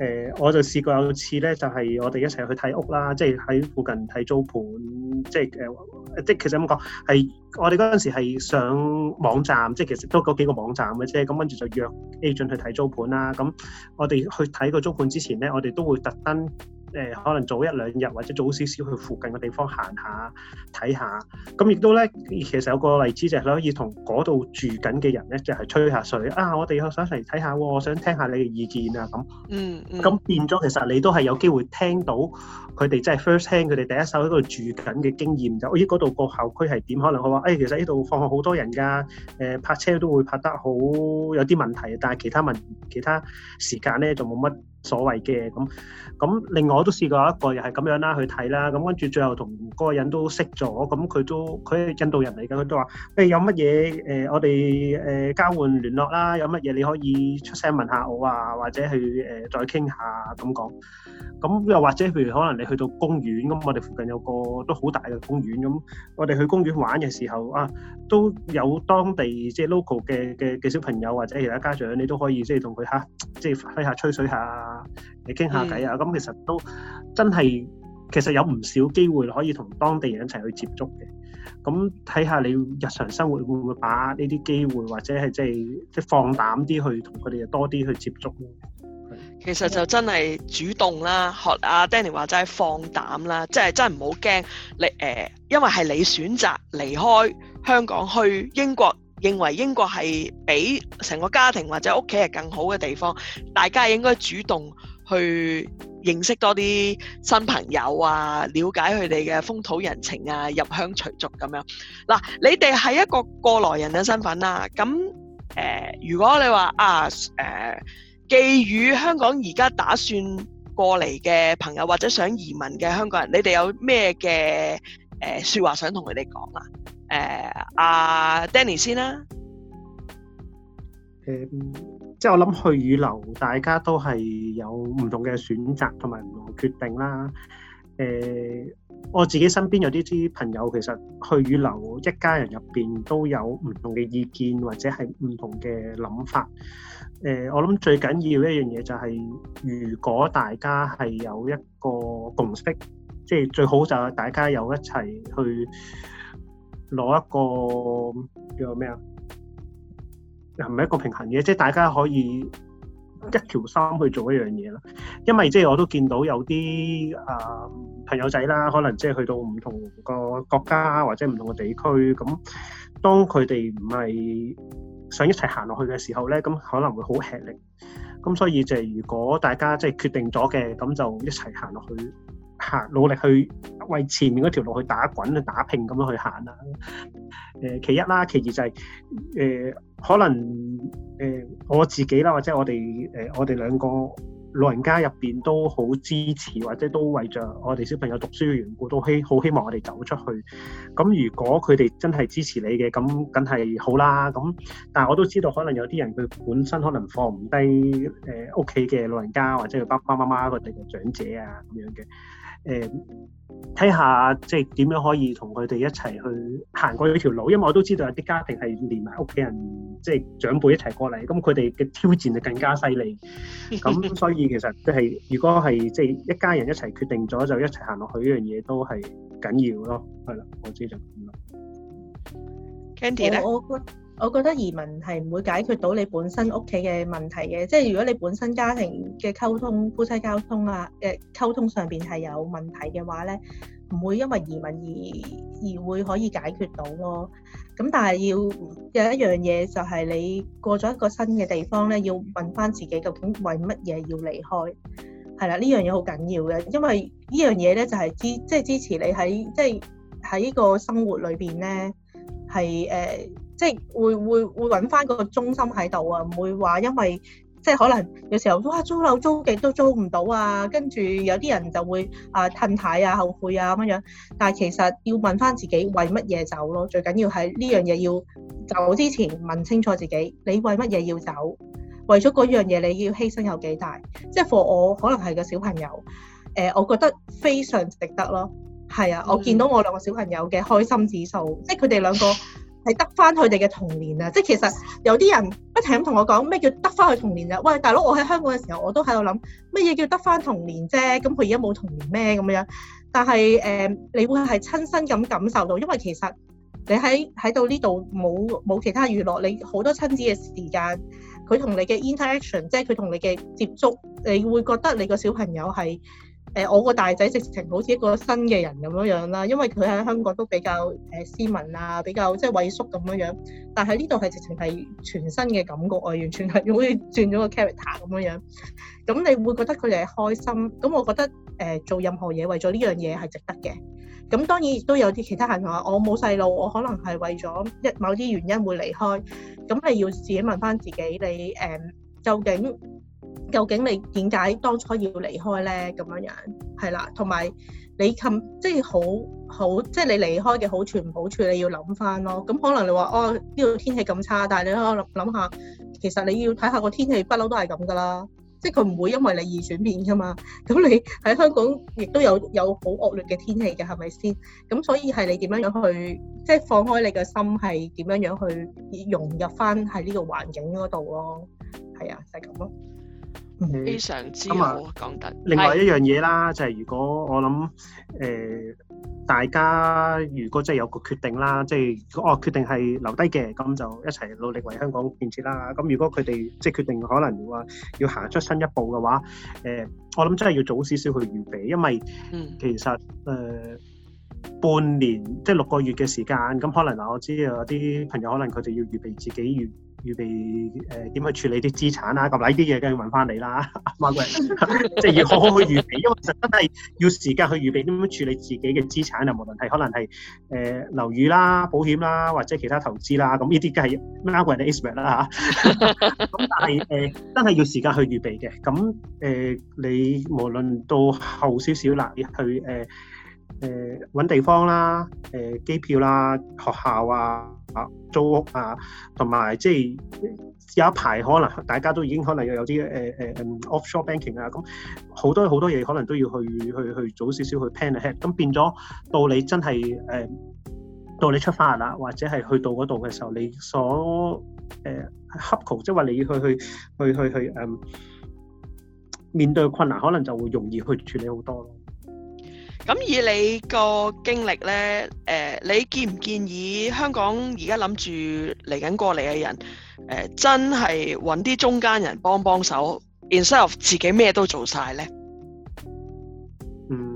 嗯、誒，我就試過有次咧，就係我哋一齊去睇屋啦，即係喺附近睇租盤，即係誒、呃，即係其實咁講係我哋嗰陣時係上網站，即係其實都嗰幾個網站嘅啫。咁跟住就約 agent 去睇租盤啦。咁、嗯、我哋去睇個租盤之前咧，我哋都會特登，誒、呃、可能早一兩日或者早少少去附近嘅地方行下睇下，咁亦都咧其實有個例子就係可以同嗰度住緊嘅人咧，就係、是、吹下水啊！我哋想嚟睇下，我想聽下你嘅意見啊，咁、嗯。嗯，咁變咗其實你都係有機會聽到佢哋即係 first hand 佢哋第一手喺度住緊嘅經驗，就咦嗰度個校區係點？可能佢話誒其實呢度放學好多人㗎，誒、呃、泊車都會泊得好有啲問題，但係其他問其他時間咧就冇乜。所謂嘅咁咁，另外我都試過一個，又係咁樣啦，去睇啦，咁跟住最後同嗰個人都識咗，咁佢都佢係印度人嚟嘅，佢都話，誒有乜嘢誒，我哋誒交換聯絡啦，有乜嘢你可以出聲問下我啊，或者去誒再傾下咁講。咁又或者譬如可能你去到公園咁，我哋附近有個都好大嘅公園咁，我哋去公園玩嘅時候啊，都有當地即係 local 嘅嘅嘅小朋友或者其他家長，你都可以即係同佢吓，即係吹下吹水下。你傾下偈啊！咁、嗯、其實都真係，其實有唔少機會可以同當地人一齊去接觸嘅。咁睇下你日常生活會唔會把呢啲機會或者係即係即放膽啲去同佢哋多啲去接觸？其實就真係主動啦，學阿 Danny 話齋放膽啦，即係真唔好驚你誒、呃，因為係你選擇離開香港去英國。認為英國係比成個家庭或者屋企係更好嘅地方，大家應該主動去認識多啲新朋友啊，了解佢哋嘅風土人情啊，入鄉隨俗咁樣。嗱，你哋係一個過來人嘅身份啦、啊，咁誒、呃，如果你話啊誒、呃，寄語香港而家打算過嚟嘅朋友或者想移民嘅香港人，你哋有咩嘅誒説話想同佢哋講啊？誒阿、uh, Danny 先啦，誒、uh, 即係我諗去與留，大家都係有唔同嘅選擇同埋唔同決定啦。誒、uh, 我自己身邊有啲啲朋友，其實去與留，一家人入邊都有唔同嘅意見或者係唔同嘅諗法。誒、uh, 我諗最緊要一樣嘢就係、是，如果大家係有一個共識，即係最好就大家有一齊去。攞一個叫做咩啊，又唔係一個平衡嘅，即係大家可以一條心去做一樣嘢啦。因為即係我都見到有啲啊、呃、朋友仔啦，可能即係去到唔同個國家或者唔同個地區，咁當佢哋唔係想一齊行落去嘅時候咧，咁可能會好吃力。咁所以就係如果大家即係決定咗嘅，咁就一齊行落去。努力去為前面嗰條路去打滾去打拼咁樣去行啦。誒、呃，其一啦，其二就係、是、誒、呃，可能誒、呃、我自己啦，或者我哋誒、呃、我哋兩個老人家入邊都好支持，或者都為着我哋小朋友讀書嘅緣故，都希好希望我哋走出去。咁如果佢哋真係支持你嘅，咁梗係好啦。咁但係我都知道，可能有啲人佢本身可能放唔低誒屋企嘅老人家，或者佢爸爸媽媽佢哋嘅長者啊咁樣嘅。誒，睇下即係點樣可以同佢哋一齊去行過呢條路，因為我都知道有啲家庭係連埋屋企人即係長輩一齊過嚟，咁佢哋嘅挑戰就更加犀利。咁所以其實即係如果係即係一家人一齊決定咗就一齊行落去呢樣嘢都係緊要咯，係啦，我自己就知就咁啦。Candy 咧？哦哦我覺得移民係唔會解決到你本身屋企嘅問題嘅，即係如果你本身家庭嘅溝通、夫妻溝通啊，誒溝通上邊係有問題嘅話咧，唔會因為移民而而會可以解決到咯。咁但係要有一樣嘢就係你過咗一個新嘅地方咧，要問翻自己究竟為乜嘢要離開，係啦，呢樣嘢好緊要嘅，因為呢樣嘢咧就係、是、支即係支持你喺即係喺個生活裏邊咧係誒。即係會會會揾翻個中心喺度啊！唔會話因為即係可能有時候哇租樓租極都租唔到啊，跟住有啲人就會、呃、啊褪軚啊後悔啊咁樣。但係其實要問翻自己為乜嘢走咯。最緊要係呢樣嘢要走之前問清楚自己，你為乜嘢要走？為咗嗰樣嘢你要犧牲有幾大？即係 for 我可能係個小朋友，誒、呃，我覺得非常值得咯。係啊，嗯、我見到我兩個小朋友嘅開心指數，即係佢哋兩個。係得翻佢哋嘅童年啊！即係其實有啲人不停咁同我講咩叫得翻佢童年啊？喂，大佬，我喺香港嘅時候我都喺度諗乜嘢叫得翻童年啫？咁佢而家冇童年咩咁樣？但係誒、呃，你會係親身咁感受到，因為其實你喺喺度呢度冇冇其他娛樂，你好多親子嘅時間，佢同你嘅 interaction，即係佢同你嘅接觸，你會覺得你個小朋友係。誒、呃、我個大仔直情好似一個新嘅人咁樣樣啦，因為佢喺香港都比較誒、呃、斯文啊，比較即係萎縮咁樣樣。但係呢度係直情係全新嘅感覺啊，完全係好似轉咗個 character 咁樣樣。咁你會覺得佢哋係開心？咁我覺得誒、呃、做任何嘢為咗呢樣嘢係值得嘅。咁當然亦都有啲其他人話，我冇細路，我可能係為咗一某啲原因會離開。咁你要自己問翻自己，你誒、呃、究竟？究竟你點解當初要離開咧？咁樣樣係啦，同埋你咁即係好好，即係你離開嘅好處唔好處，你要諗翻咯。咁可能你話哦呢度、這個、天氣咁差，但係你諗諗下，其實你要睇下個天氣不嬲都係咁噶啦，即係佢唔會因為你而轉變噶嘛。咁你喺香港亦都有有好惡劣嘅天氣嘅，係咪先？咁所以係你點樣樣去即係放開你嘅心，係點樣樣去融入翻喺呢個環境嗰度咯。係啊，就係咁咯。非常之好講得。另外一樣嘢啦，是就係如果我諗，誒、呃、大家如果真係有個決定啦，即係如果我決定係留低嘅，咁就一齊努力為香港建設啦。咁如果佢哋即係決定可能話要行出新一步嘅話，誒、呃、我諗真係要早少少去預備，因為其實誒、嗯呃、半年即係、就是、六個月嘅時間，咁可能嗱，我知有啲朋友可能佢哋要預備自己預。預備誒點去處理啲資產啊？咁呢啲嘢梗係要問翻你啦，Mark 嘅，即係 要好好去預備，因為其實真係要時間去預備點樣處理自己嘅資產啊，無論係可能係誒、呃、樓宇啦、保險啦，或者其他投資啦，咁呢啲梗係 Mark 嘅 expert 啦嚇。咁、啊、 但係誒、呃、真係要時間去預備嘅，咁、嗯、誒、呃、你無論到後少少啦，去誒。呃誒揾、呃、地方啦，誒、呃、機票啦，學校啊，租屋啊，同埋即係有一排可能大家都已經可能有有啲誒誒 offshore banking 啊，咁、嗯、好多好多嘢可能都要去去去早少少去 plan ahead，咁、嗯、變咗到你真係誒、呃、到你出發啦，或者係去到嗰度嘅時候，你所誒克服，即係話你要去去去去去誒、嗯、面對困難，可能就會容易去處理好多。咁以你個經歷咧，誒、呃，你建唔建議香港而家諗住嚟緊過嚟嘅人，誒、呃，真係搵啲中間人幫幫手，instead 自己咩都做晒咧？嗯，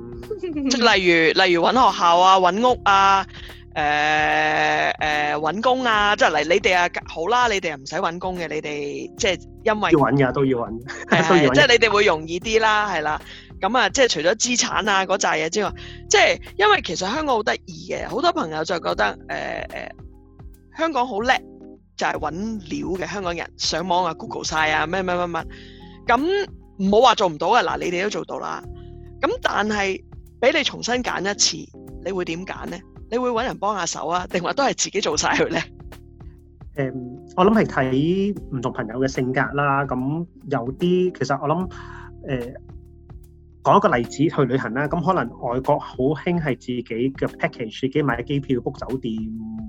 即係例如例如搵學校啊，搵屋啊，誒誒搵工啊，即係嚟你哋啊，好啦，你哋唔使搵工嘅，你哋即係因為要搵嘅都要搵，係、呃、 即係你哋會容易啲啦，係啦。咁啊、嗯，即係除咗資產啊嗰扎嘢之外，即係因為其實香港好得意嘅，好多朋友就覺得誒誒、呃，香港好叻就係、是、揾料嘅香港人，上網啊 Google 晒啊咩咩咩咩，咁唔好話做唔到啊！嗱，你哋都做到啦，咁但係俾你重新揀一次，你會點揀呢？你會揾人幫下手啊，定話都係自己做晒佢咧？誒、嗯，我諗係睇唔同朋友嘅性格啦。咁有啲其實我諗誒、呃講一個例子去旅行啦，咁可能外國好興係自己嘅 package，自己買機票 book 酒店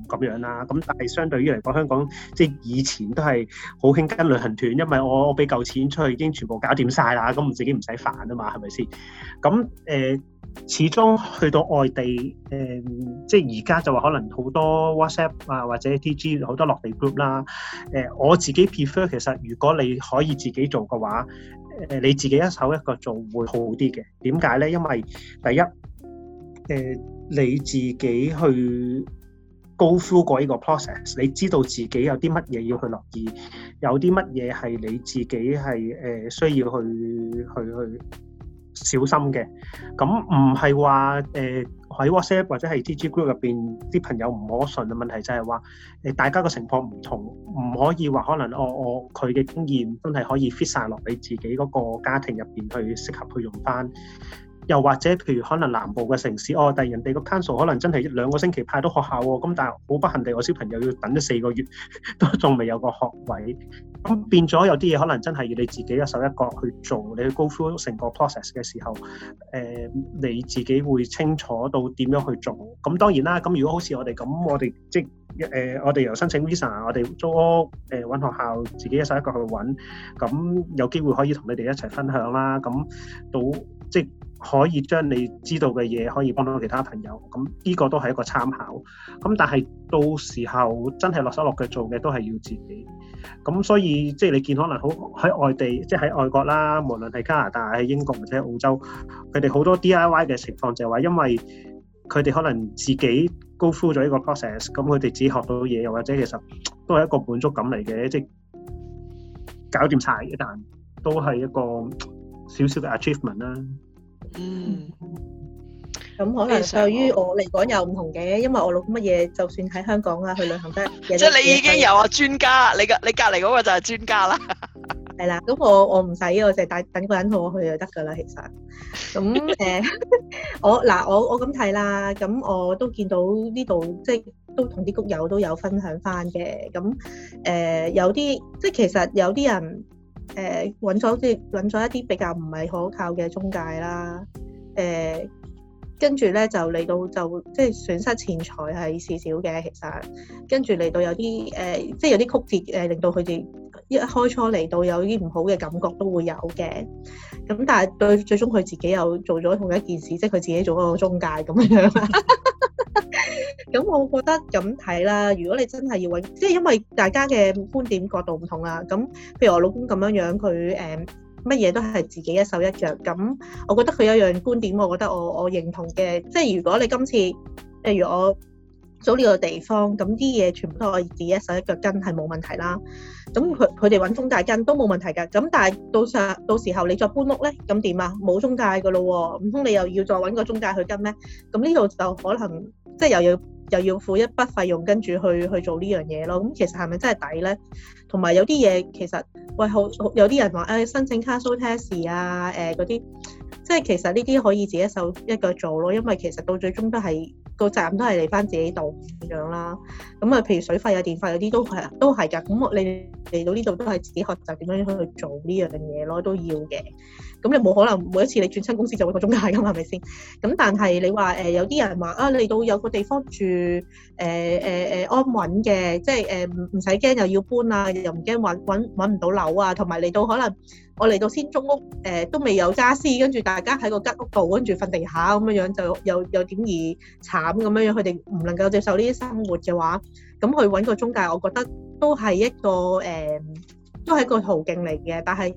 咁樣啦，咁但係相對於嚟講香港，即係以前都係好興跟旅行團，因為我我俾夠錢出去已經全部搞掂晒啦，咁自己唔使煩啊嘛，係咪先？咁誒、呃，始終去到外地誒、呃，即係而家就話可能好多 WhatsApp 啊或者 TG 好多落地 group 啦、啊，誒我自己 prefer 其實如果你可以自己做嘅話。誒你自己一手一個做會好啲嘅，點解呢？因為第一，誒、呃、你自己去 go through 過呢個 process，你知道自己有啲乜嘢要去留意，有啲乜嘢係你自己係誒、呃、需要去去去，去小心嘅，咁唔係話誒。呃喺 WhatsApp 或者係 TG Group 入邊啲朋友唔可信嘅問題就係話誒，大家嘅情況唔同，唔可以話可能我我佢嘅經驗真係可以 fit 晒落你自己嗰個家庭入邊，去適合去用翻。又或者譬如可能南部嘅城市哦，但係人哋個 council 可能真係一兩個星期派到學校喎、哦，咁但係好不幸地，我小朋友要等咗四個月，都仲未有個學位。咁變咗有啲嘢可能真係要你自己一手一腳去做，你去 go through 成個 process 嘅時候，誒、呃、你自己會清楚到點樣去做。咁當然啦，咁如果好似我哋咁，我哋即係、呃、我哋由申請 visa，我哋租屋誒揾、呃、學校，自己一手一腳去揾，咁有機會可以同你哋一齊分享啦。咁到即可以將你知道嘅嘢可以幫到其他朋友，咁呢個都係一個參考。咁但係到時候真係落手落腳做嘅都係要自己。咁所以即係你見可能好喺外地，即係喺外國啦，無論係加拿大、喺英國或者喺澳洲，佢哋好多 DIY 嘅情況就係話，因為佢哋可能自己 go through 咗一個 process，咁佢哋自己學到嘢，又或者其實都係一個滿足感嚟嘅，即係搞掂晒，一啖，都係一個少少嘅 achievement 啦。嗯，咁可能對於我嚟講又唔同嘅，因為我老公乜嘢，就算喺香港啊，去旅行都得。即係 你已經有啊專家， 你隔你隔籬嗰個就係專家啦。係 啦，咁我我唔使，我就係等個人同我去就得噶啦。其實，咁誒、呃， 我嗱我我咁睇啦，咁我都見到呢度即係都同啲谷友都有分享翻嘅，咁誒、呃、有啲即係其實有啲人。誒揾咗啲揾咗一啲比較唔係可靠嘅中介啦，誒、呃、跟住咧就嚟到就即係損失錢財係少少嘅其實，跟住嚟到有啲誒、呃、即係有啲曲折誒、呃、令到佢哋一開初嚟到有啲唔好嘅感覺都會有嘅，咁但係對最終佢自己又做咗同一件事，即係佢自己做個中介咁樣啦。 咁、嗯、我覺得咁睇啦，如果你真係要揾，即係因為大家嘅觀點角度唔同啦。咁、嗯、譬如我老公咁樣樣，佢誒乜嘢都係自己一手一腳。咁、嗯、我覺得佢有一樣觀點，我覺得我我認同嘅，即係如果你今次例如我租呢個地方，咁啲嘢全部都係我自己一手一腳跟，係冇問題啦。咁佢佢哋揾中介跟都冇問題㗎。咁但係到時到時候你再搬屋咧，咁點啊？冇中介㗎咯喎，唔通你又要再揾個中介去跟咩？咁呢度就可能。即係又要又要付一筆費用，跟住去去做呢樣嘢咯。咁其實係咪真係抵咧？同埋有啲嘢其實喂，好有啲人話誒、哎、申請 council tax 啊，誒嗰啲，即係其實呢啲可以自己一手一腳做咯。因為其實到最終都係個站都係嚟翻自己度咁樣啦。咁啊，譬如水費啊、電費有啲都係都係㗎。咁你嚟到呢度都係自己學習點樣去去做呢樣嘢咯，都要嘅。咁你冇可能，每一次你轉親公司就會個中介咁係咪先？咁但係你話誒有啲人話啊，嚟到有個地方住誒誒誒安穩嘅，即係誒唔唔使驚又要搬又啊，又唔驚揾揾揾唔到樓啊，同埋嚟到可能我嚟到先租屋誒、呃、都未有傢俬，跟住大家喺個間屋度跟住瞓地下咁樣有有樣，就又又點易慘咁樣樣，佢哋唔能夠接受呢啲生活嘅話，咁去揾個中介，我覺得都係一個誒、呃，都係一個途徑嚟嘅，但係。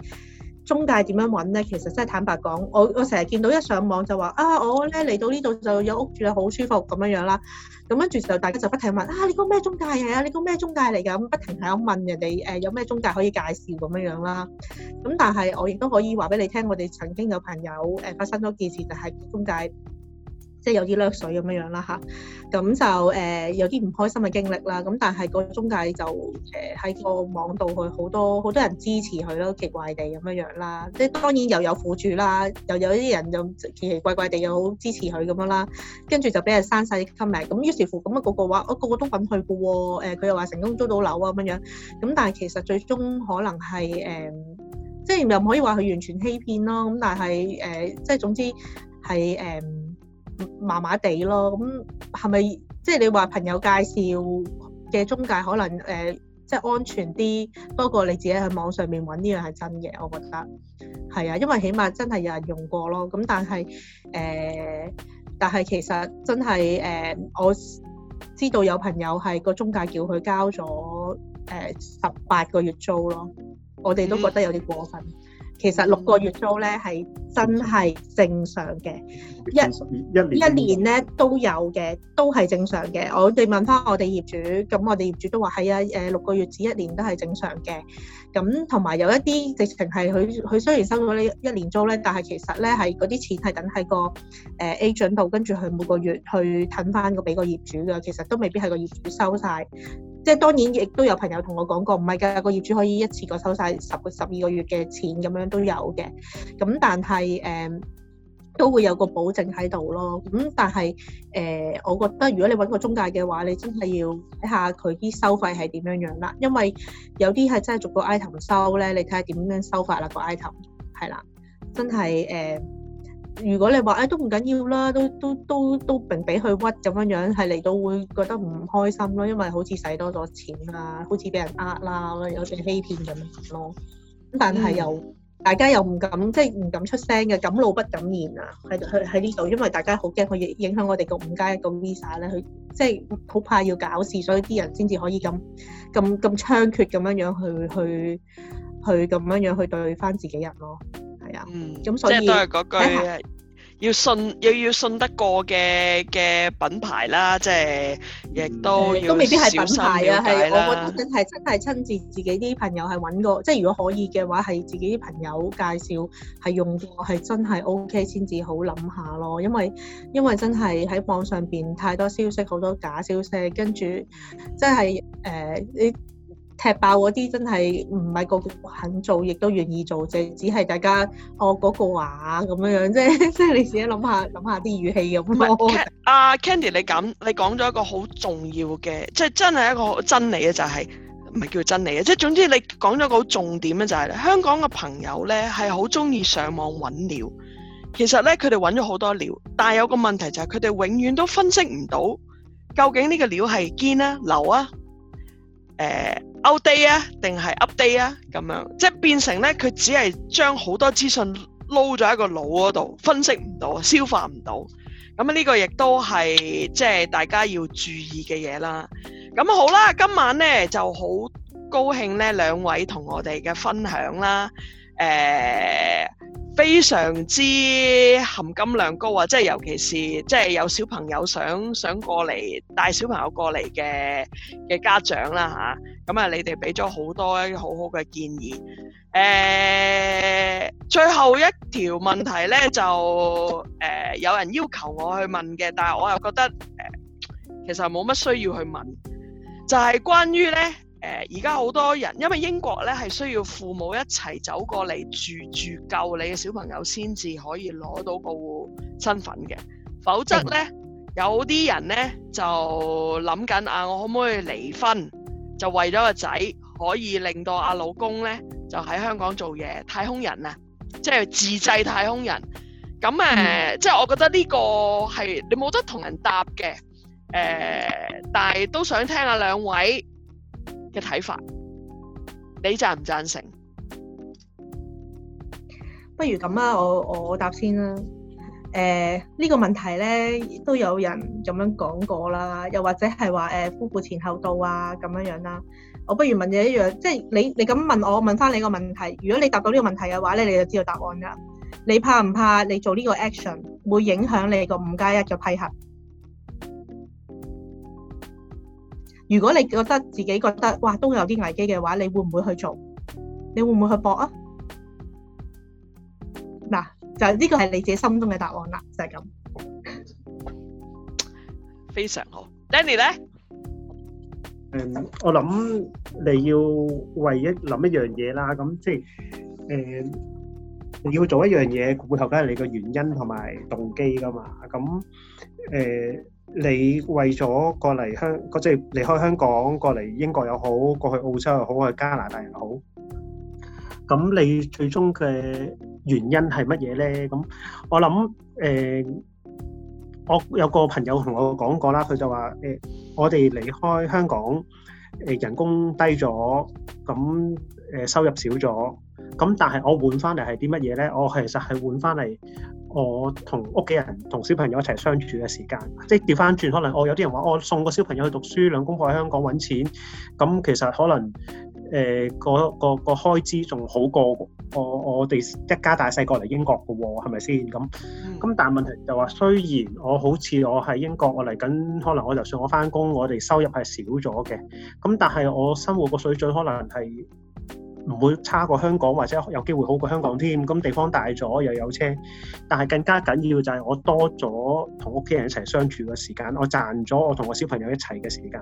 中介點樣揾咧？其實真係坦白講，我我成日見到一上網就話啊，我咧嚟到呢度就有屋住啦，好舒服咁樣樣啦。咁跟住就大家就不停問啊，你個咩中介嚟啊？你個咩中介嚟㗎？咁不停係咁問人哋誒有咩中介可以介紹咁樣樣啦。咁但係我亦都可以話俾你聽，我哋曾經有朋友誒發生咗件事，就係中介。即係有啲掠水咁樣樣啦嚇，咁就誒、呃、有啲唔開心嘅經歷啦，咁但係個中介就誒喺、呃、個網度去，好多好多人支持佢咯，奇怪地咁樣樣啦，即係當然又有苦主啦，又有啲人又奇奇怪怪地又好支持佢咁樣啦，跟住就俾人刪曬啲 comment，咁於是乎咁啊、那個個話，我、啊、個個都揾佢嘅喎，佢、呃、又話成功租到樓啊咁樣，咁但係其實最終可能係誒、呃，即係又唔可以話佢完全欺騙咯，咁但係誒、呃、即係總之係誒。呃麻麻地咯，咁係咪即係你話朋友介紹嘅中介可能誒、呃，即係安全啲，不過你自己喺網上面揾呢樣係真嘅？我覺得係啊，因為起碼真係有人用過咯。咁但係誒、呃，但係其實真係誒、呃，我知道有朋友係個中介叫佢交咗誒十八個月租咯，我哋都覺得有啲過分。嗯其實六個月租咧係真係正常嘅，一一年一年咧都有嘅，都係正常嘅。我哋問翻我哋業主，咁我哋業主都話係啊，誒六個月至一年都係正常嘅。咁同埋有一啲直情係佢佢雖然收咗呢一年租咧，但係其實咧係嗰啲錢係等喺個誒 agent 度，跟住佢每個月去騰翻個俾個業主㗎。其實都未必係個業主收晒。即係當然，亦都有朋友同我講過，唔係㗎，個業主可以一次過收晒十個、十二個月嘅錢咁樣都有嘅。咁但係誒、呃、都會有個保證喺度咯。咁但係誒、呃，我覺得如果你搵個中介嘅話，你真係要睇下佢啲收費係點樣樣啦。因為有啲係真係逐個 item 收咧，你睇下點樣收法啦。個 item 係啦，真係誒。呃如果你話咧都唔緊要啦，都都都都唔俾佢屈咁樣樣，係嚟到會覺得唔開心咯，因為好似使多咗錢啊，好似俾人呃啦，有啲欺騙咁咯。咁但係又、嗯、大家又唔敢即係唔敢出聲嘅，敢怒不敢言啊。喺喺喺呢度，因為大家好驚佢影響我哋個五加一個 visa 咧，佢即係好怕要搞事，所以啲人先至可以咁咁咁猖獗咁樣樣去去去咁樣樣去對翻自己人咯。嗯，所以係都係嗰句、哎呀要，要信又要信得過嘅嘅品牌啦，即係亦都、嗯、都未必係品牌啊，係我覺得係真係親自自己啲朋友係揾過，即係如果可以嘅話，係自己啲朋友介紹係用過係真係 OK 先至好諗下咯，因為因為真係喺網上邊太多消息，好多假消息，跟住即係誒你。踢爆嗰啲真係唔係個個肯做，亦都願意做，就只係大家我嗰、哦那個話、啊、咁樣樣啫。即 係你自己諗下，諗下啲語氣咁。阿 Candy 你咁你講咗一個好重要嘅，即、就、係、是、真係一個真理嘅、就是，就係唔係叫真理啊？即、就、係、是、總之你講咗個好重點咧、就是，就係香港嘅朋友咧係好中意上網揾料。其實咧，佢哋揾咗好多料，但係有個問題就係佢哋永遠都分析唔到究竟呢個料係堅啊流啊。誒、uh, out day 啊，定係 update 啊，咁樣即係變成咧，佢只係將好多資訊撈咗喺個腦嗰度，分析唔到，消化唔到，咁呢個亦都係即係大家要注意嘅嘢啦。咁好啦，今晚咧就好高興咧，兩位同我哋嘅分享啦。誒，非常之含金量高啊！即係尤其是即係有小朋友想想過嚟帶小朋友過嚟嘅嘅家長啦吓，咁啊你哋俾咗好多好好嘅建議。誒，最後一條問題咧就誒有人要求我去問嘅，但係我又覺得誒其實冇乜需要去問，就係關於咧。誒而家好多人，因為英國咧係需要父母一齊走過嚟住，住夠你嘅小朋友先至可以攞到保護身份嘅，否則呢，嗯、有啲人呢就諗緊啊，我可唔可以離婚？就為咗個仔可以令到阿老公呢就喺香港做嘢太空人啊，即係自製太空人。咁誒、呃，嗯、即係我覺得呢個係你冇得同人答嘅誒、呃，但係都想聽下兩位嘅睇法，你贊唔贊成？不如咁啊，我我答先啦。誒、呃，呢、這個問題咧都有人咁樣講過啦，又或者係話誒夫婦前後到啊咁樣樣啦。我不如問你一樣，即係你你咁問我問翻你個問題，如果你答到呢個問題嘅話咧，你就知道答案㗎。你怕唔怕你做呢個 action 會影響你個五加一嘅批核？如果你覺得自己覺得哇都有啲危機嘅話，你會唔會去做？你會唔會去搏啊？嗱，就呢個係你自己心中嘅答案啦，就係咁，非常好。Danny 咧，誒，我諗你要為一諗一樣嘢啦，咁即係誒你要做一樣嘢，背後梗係你個原因同埋動機噶嘛，咁誒。你為咗過嚟香港，即係離開香港過嚟英國又好，過去澳洲又好，過去加拿大又好，咁你最終嘅原因係乜嘢呢？咁我諗，誒，我有個朋友同我講過啦，佢就話，誒，我哋離開香港，誒，人工低咗，咁誒收入少咗，咁但係我換翻嚟係啲乜嘢呢？我其實係換翻嚟。我同屋企人同小朋友一齊相處嘅時間，即係調翻轉，可能我有啲人話我送個小朋友去讀書，兩公婆喺香港揾錢，咁其實可能誒，個個個開支仲好過我，我哋一家大細過嚟英國㗎喎，係咪先？咁咁但係問題就話，雖然我好似我喺英國，我嚟緊可能我就算我返工，我哋收入係少咗嘅，咁但係我生活個水準可能係，唔會差過香港，或者有機會好過香港添。咁地方大咗，又有車，但係更加緊要就係我多咗同屋企人一齊相處嘅時間，我賺咗我同我小朋友一齊嘅時間。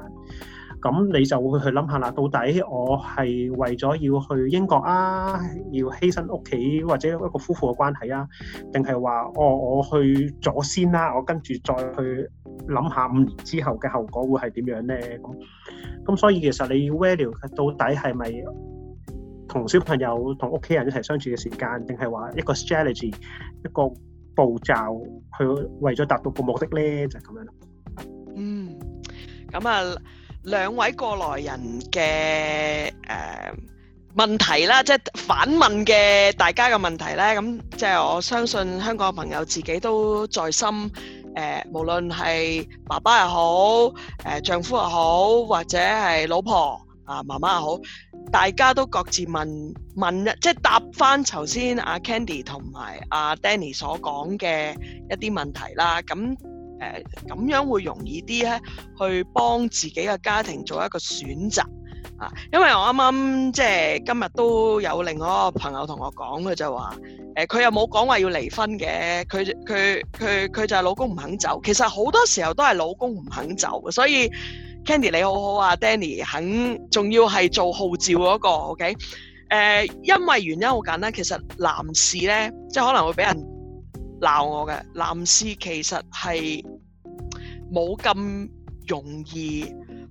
咁你就會去諗下啦，到底我係為咗要去英國啊，要犧牲屋企或者一個夫婦嘅關係啊，定係話我我去咗先啦、啊，我跟住再去諗下五年之後嘅後果會係點樣呢？咁咁所以其實你要 value 嘅到底係咪？同小朋友同屋企人一齊相處嘅時間，定係話一個 strategy，一個步驟去為咗達到個目的咧？就係咁樣咯。嗯，咁啊，兩位過來人嘅誒問題啦，即係反問嘅大家嘅問題咧，咁即係我相信香港嘅朋友自己都在心誒，無論係爸爸又好，誒丈夫又好，或者係老婆。啊，媽媽好，大家都各自問問一，即係答翻頭先阿 Candy 同埋阿 Danny 所講嘅一啲問題啦。咁誒咁樣會容易啲咧，去幫自己嘅家庭做一個選擇啊。因為我啱啱即係今日都有另外一個朋友同我講，佢就話誒，佢、呃、又冇講話要離婚嘅，佢佢佢佢就係老公唔肯走。其實好多時候都係老公唔肯走，所以。Candy 你好好啊，Danny 肯仲要係做號召嗰個，OK？誒、呃，因為原因好簡單，其實男士咧，即係可能會俾人鬧我嘅。男士其實係冇咁容易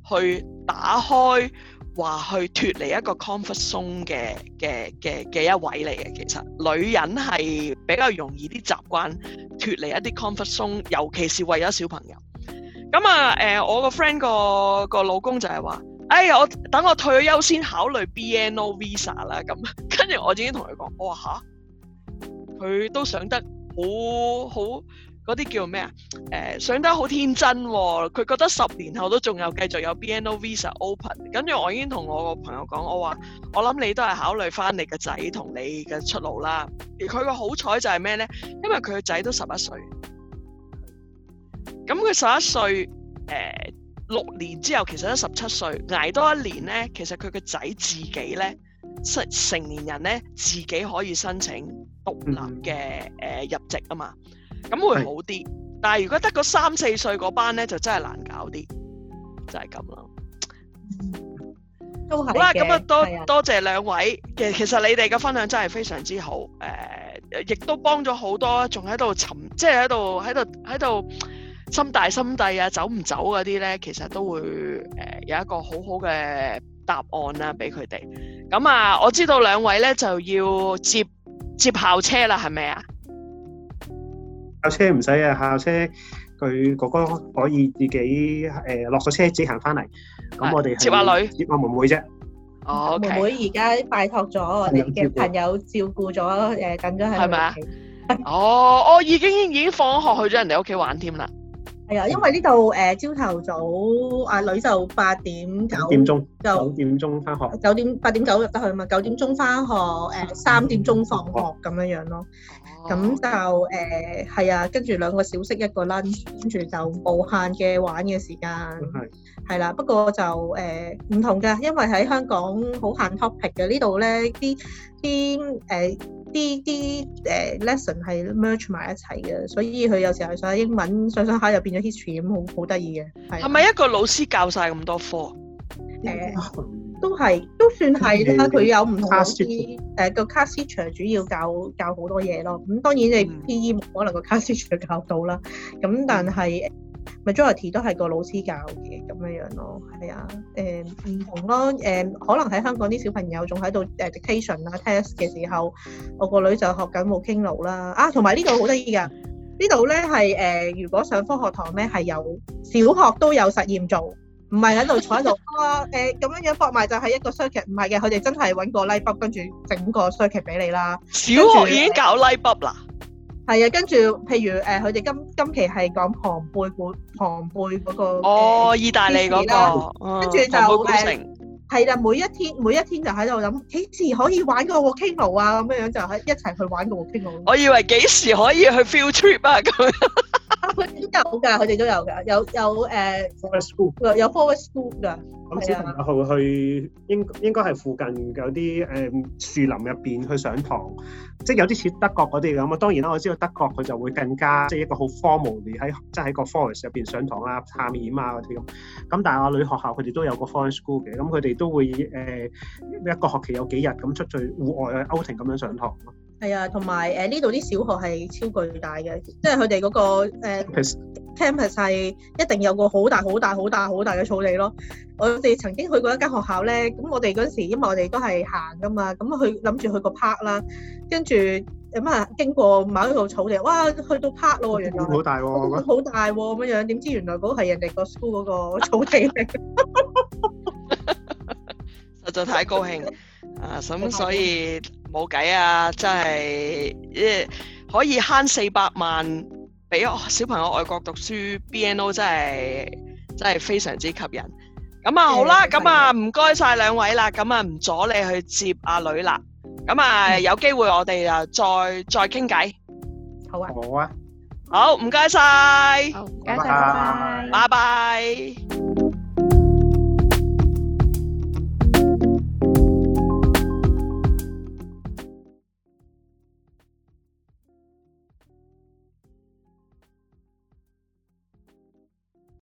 去打開話去脫離一個 comfort zone 嘅嘅嘅嘅一位嚟嘅。其實女人係比較容易啲習慣脫離一啲 comfort zone，尤其是為咗小朋友。咁啊，誒、嗯呃，我個 friend 個個老公就係話，哎，我等我退休先考慮 BNO Visa 啦。咁、嗯，跟住我已經同佢講，我話嚇，佢都想得好好，嗰啲叫咩啊？誒、呃，想得好天真喎、哦！佢覺得十年後都仲有繼續有 BNO Visa open。跟住我已經同我個朋友講，我話：我諗你都係考慮翻你個仔同你嘅出路啦。而佢個好彩就係咩呢？因為佢個仔都十一歲。咁佢十一歲，誒六年之後，其實都十七歲，捱多一年呢，其實佢個仔自己呢，成成年人呢，自己可以申請獨立嘅誒入籍啊嘛，咁會好啲。但係如果得個三四歲嗰班呢，就真係難搞啲，就係咁咯。好啦，咁啊多多謝兩位，其其實你哋嘅分享真係非常之好，誒，亦都幫咗好多，仲喺度沉，即係喺度，喺度，喺度。心大心細啊，走唔走嗰啲咧，其實都會誒有一個好好嘅答案啦，俾佢哋。咁啊，我知道兩位咧就要接接校車啦，係咪啊？校車唔使啊，校車佢哥哥可以自己誒落咗車自行翻嚟。咁、嗯啊嗯、我哋接阿女，接阿妹妹啫。哦，妹妹而家拜託咗我哋嘅朋友照顧咗誒，等咗係咪啊？哦，我已經已經放咗學去咗人哋屋企玩添啦。係啊，因為呢度誒朝頭早，阿女就八點九,九點鐘就九點鐘返學，九點八點九入得去嘛，九點鐘返學，誒、呃、三點鐘放學咁樣樣咯。咁、哦、就誒係啊，跟、呃、住兩個小息一個 lunch，跟住就無限嘅玩嘅時間，係啦的。不過就誒唔、呃、同㗎，因為喺香港好限 topic 嘅，呢度咧啲啲誒。啲啲誒 lesson 係 merge 埋一齊嘅，所以佢有時候上英文上上下又變咗 history 咁，好好得意嘅。係咪一個老師教晒咁多科？誒、呃，都係，都算係啦。佢 有唔同老師啲誒個 class teacher 主要教教好多嘢咯。咁當然你 PE 冇 可能個 class teacher 教到啦。咁但係。Majority 都係個老師教嘅咁樣樣咯，係、嗯、啊，誒唔同咯，誒、嗯、可能喺香港啲小朋友仲喺度誒 dictation 啦 test 嘅時候，我個女就學緊冇傾路啦，啊，同埋呢度好得意噶，呢度咧係誒如果上科學堂咧係有小學都有實驗做，唔係喺度坐喺度 啊誒咁樣樣博埋就係一個 circuit，唔係嘅，佢哋真係揾個 lab 跟住整個 circuit 俾你啦，小學已經搞 lab 啦。係啊，跟住譬如誒，佢、呃、哋今今期係講龐貝古龐貝嗰、那個哦，呃、意大利嗰、那個，跟住就係啦，哦呃、每一天每一天就喺度諗幾時可以玩個 war game 啊咁樣， 就喺一齊去玩個 war game 我以為幾時可以去 field trip 啊咁？ 佢哋都有㗎，佢哋都有㗎，有有誒、呃、，foreign school，有有 foreign school 㗎。咁小朋友去去，應的應該係附近有啲誒、嗯、樹林入邊去上堂，即係有啲似德國嗰啲咁啊。當然啦，我知道德國佢就會更加即係一個好 formal 啲，喺即係喺個 forest 入邊上堂啦、探險啊嗰啲咁。咁但係我女學校佢哋都有個 foreign school 嘅，咁佢哋都會誒、呃、一個學期有幾日咁出去戶外去 o 庭咁樣上堂。係啊，同埋誒呢度啲小學係超巨大嘅，即係佢哋嗰個誒 campus 係一定有個好大、好大、好大、好大嘅草地咯。我哋曾經去過一間學校咧，咁我哋嗰陣時因為我哋都係行噶嘛，咁去諗住去個 park 啦，跟住咁啊經過某一個草地，哇，去到 park 咯，原來好、嗯、大喎、啊，好、嗯、大喎咁樣，點知、嗯啊、原來嗰係人哋個 school 嗰個草地嚟， 實在太高興。啊，咁所以冇計啊，真係，即係可以慳四百萬，俾小朋友外國讀書 BNO 真係真係非常之吸引。咁啊好啦，咁啊唔該晒兩位啦，咁啊唔阻你去接阿女啦。咁啊有機會我哋啊再再傾偈。好啊。好啊。好，唔該晒。好，唔該晒，拜拜。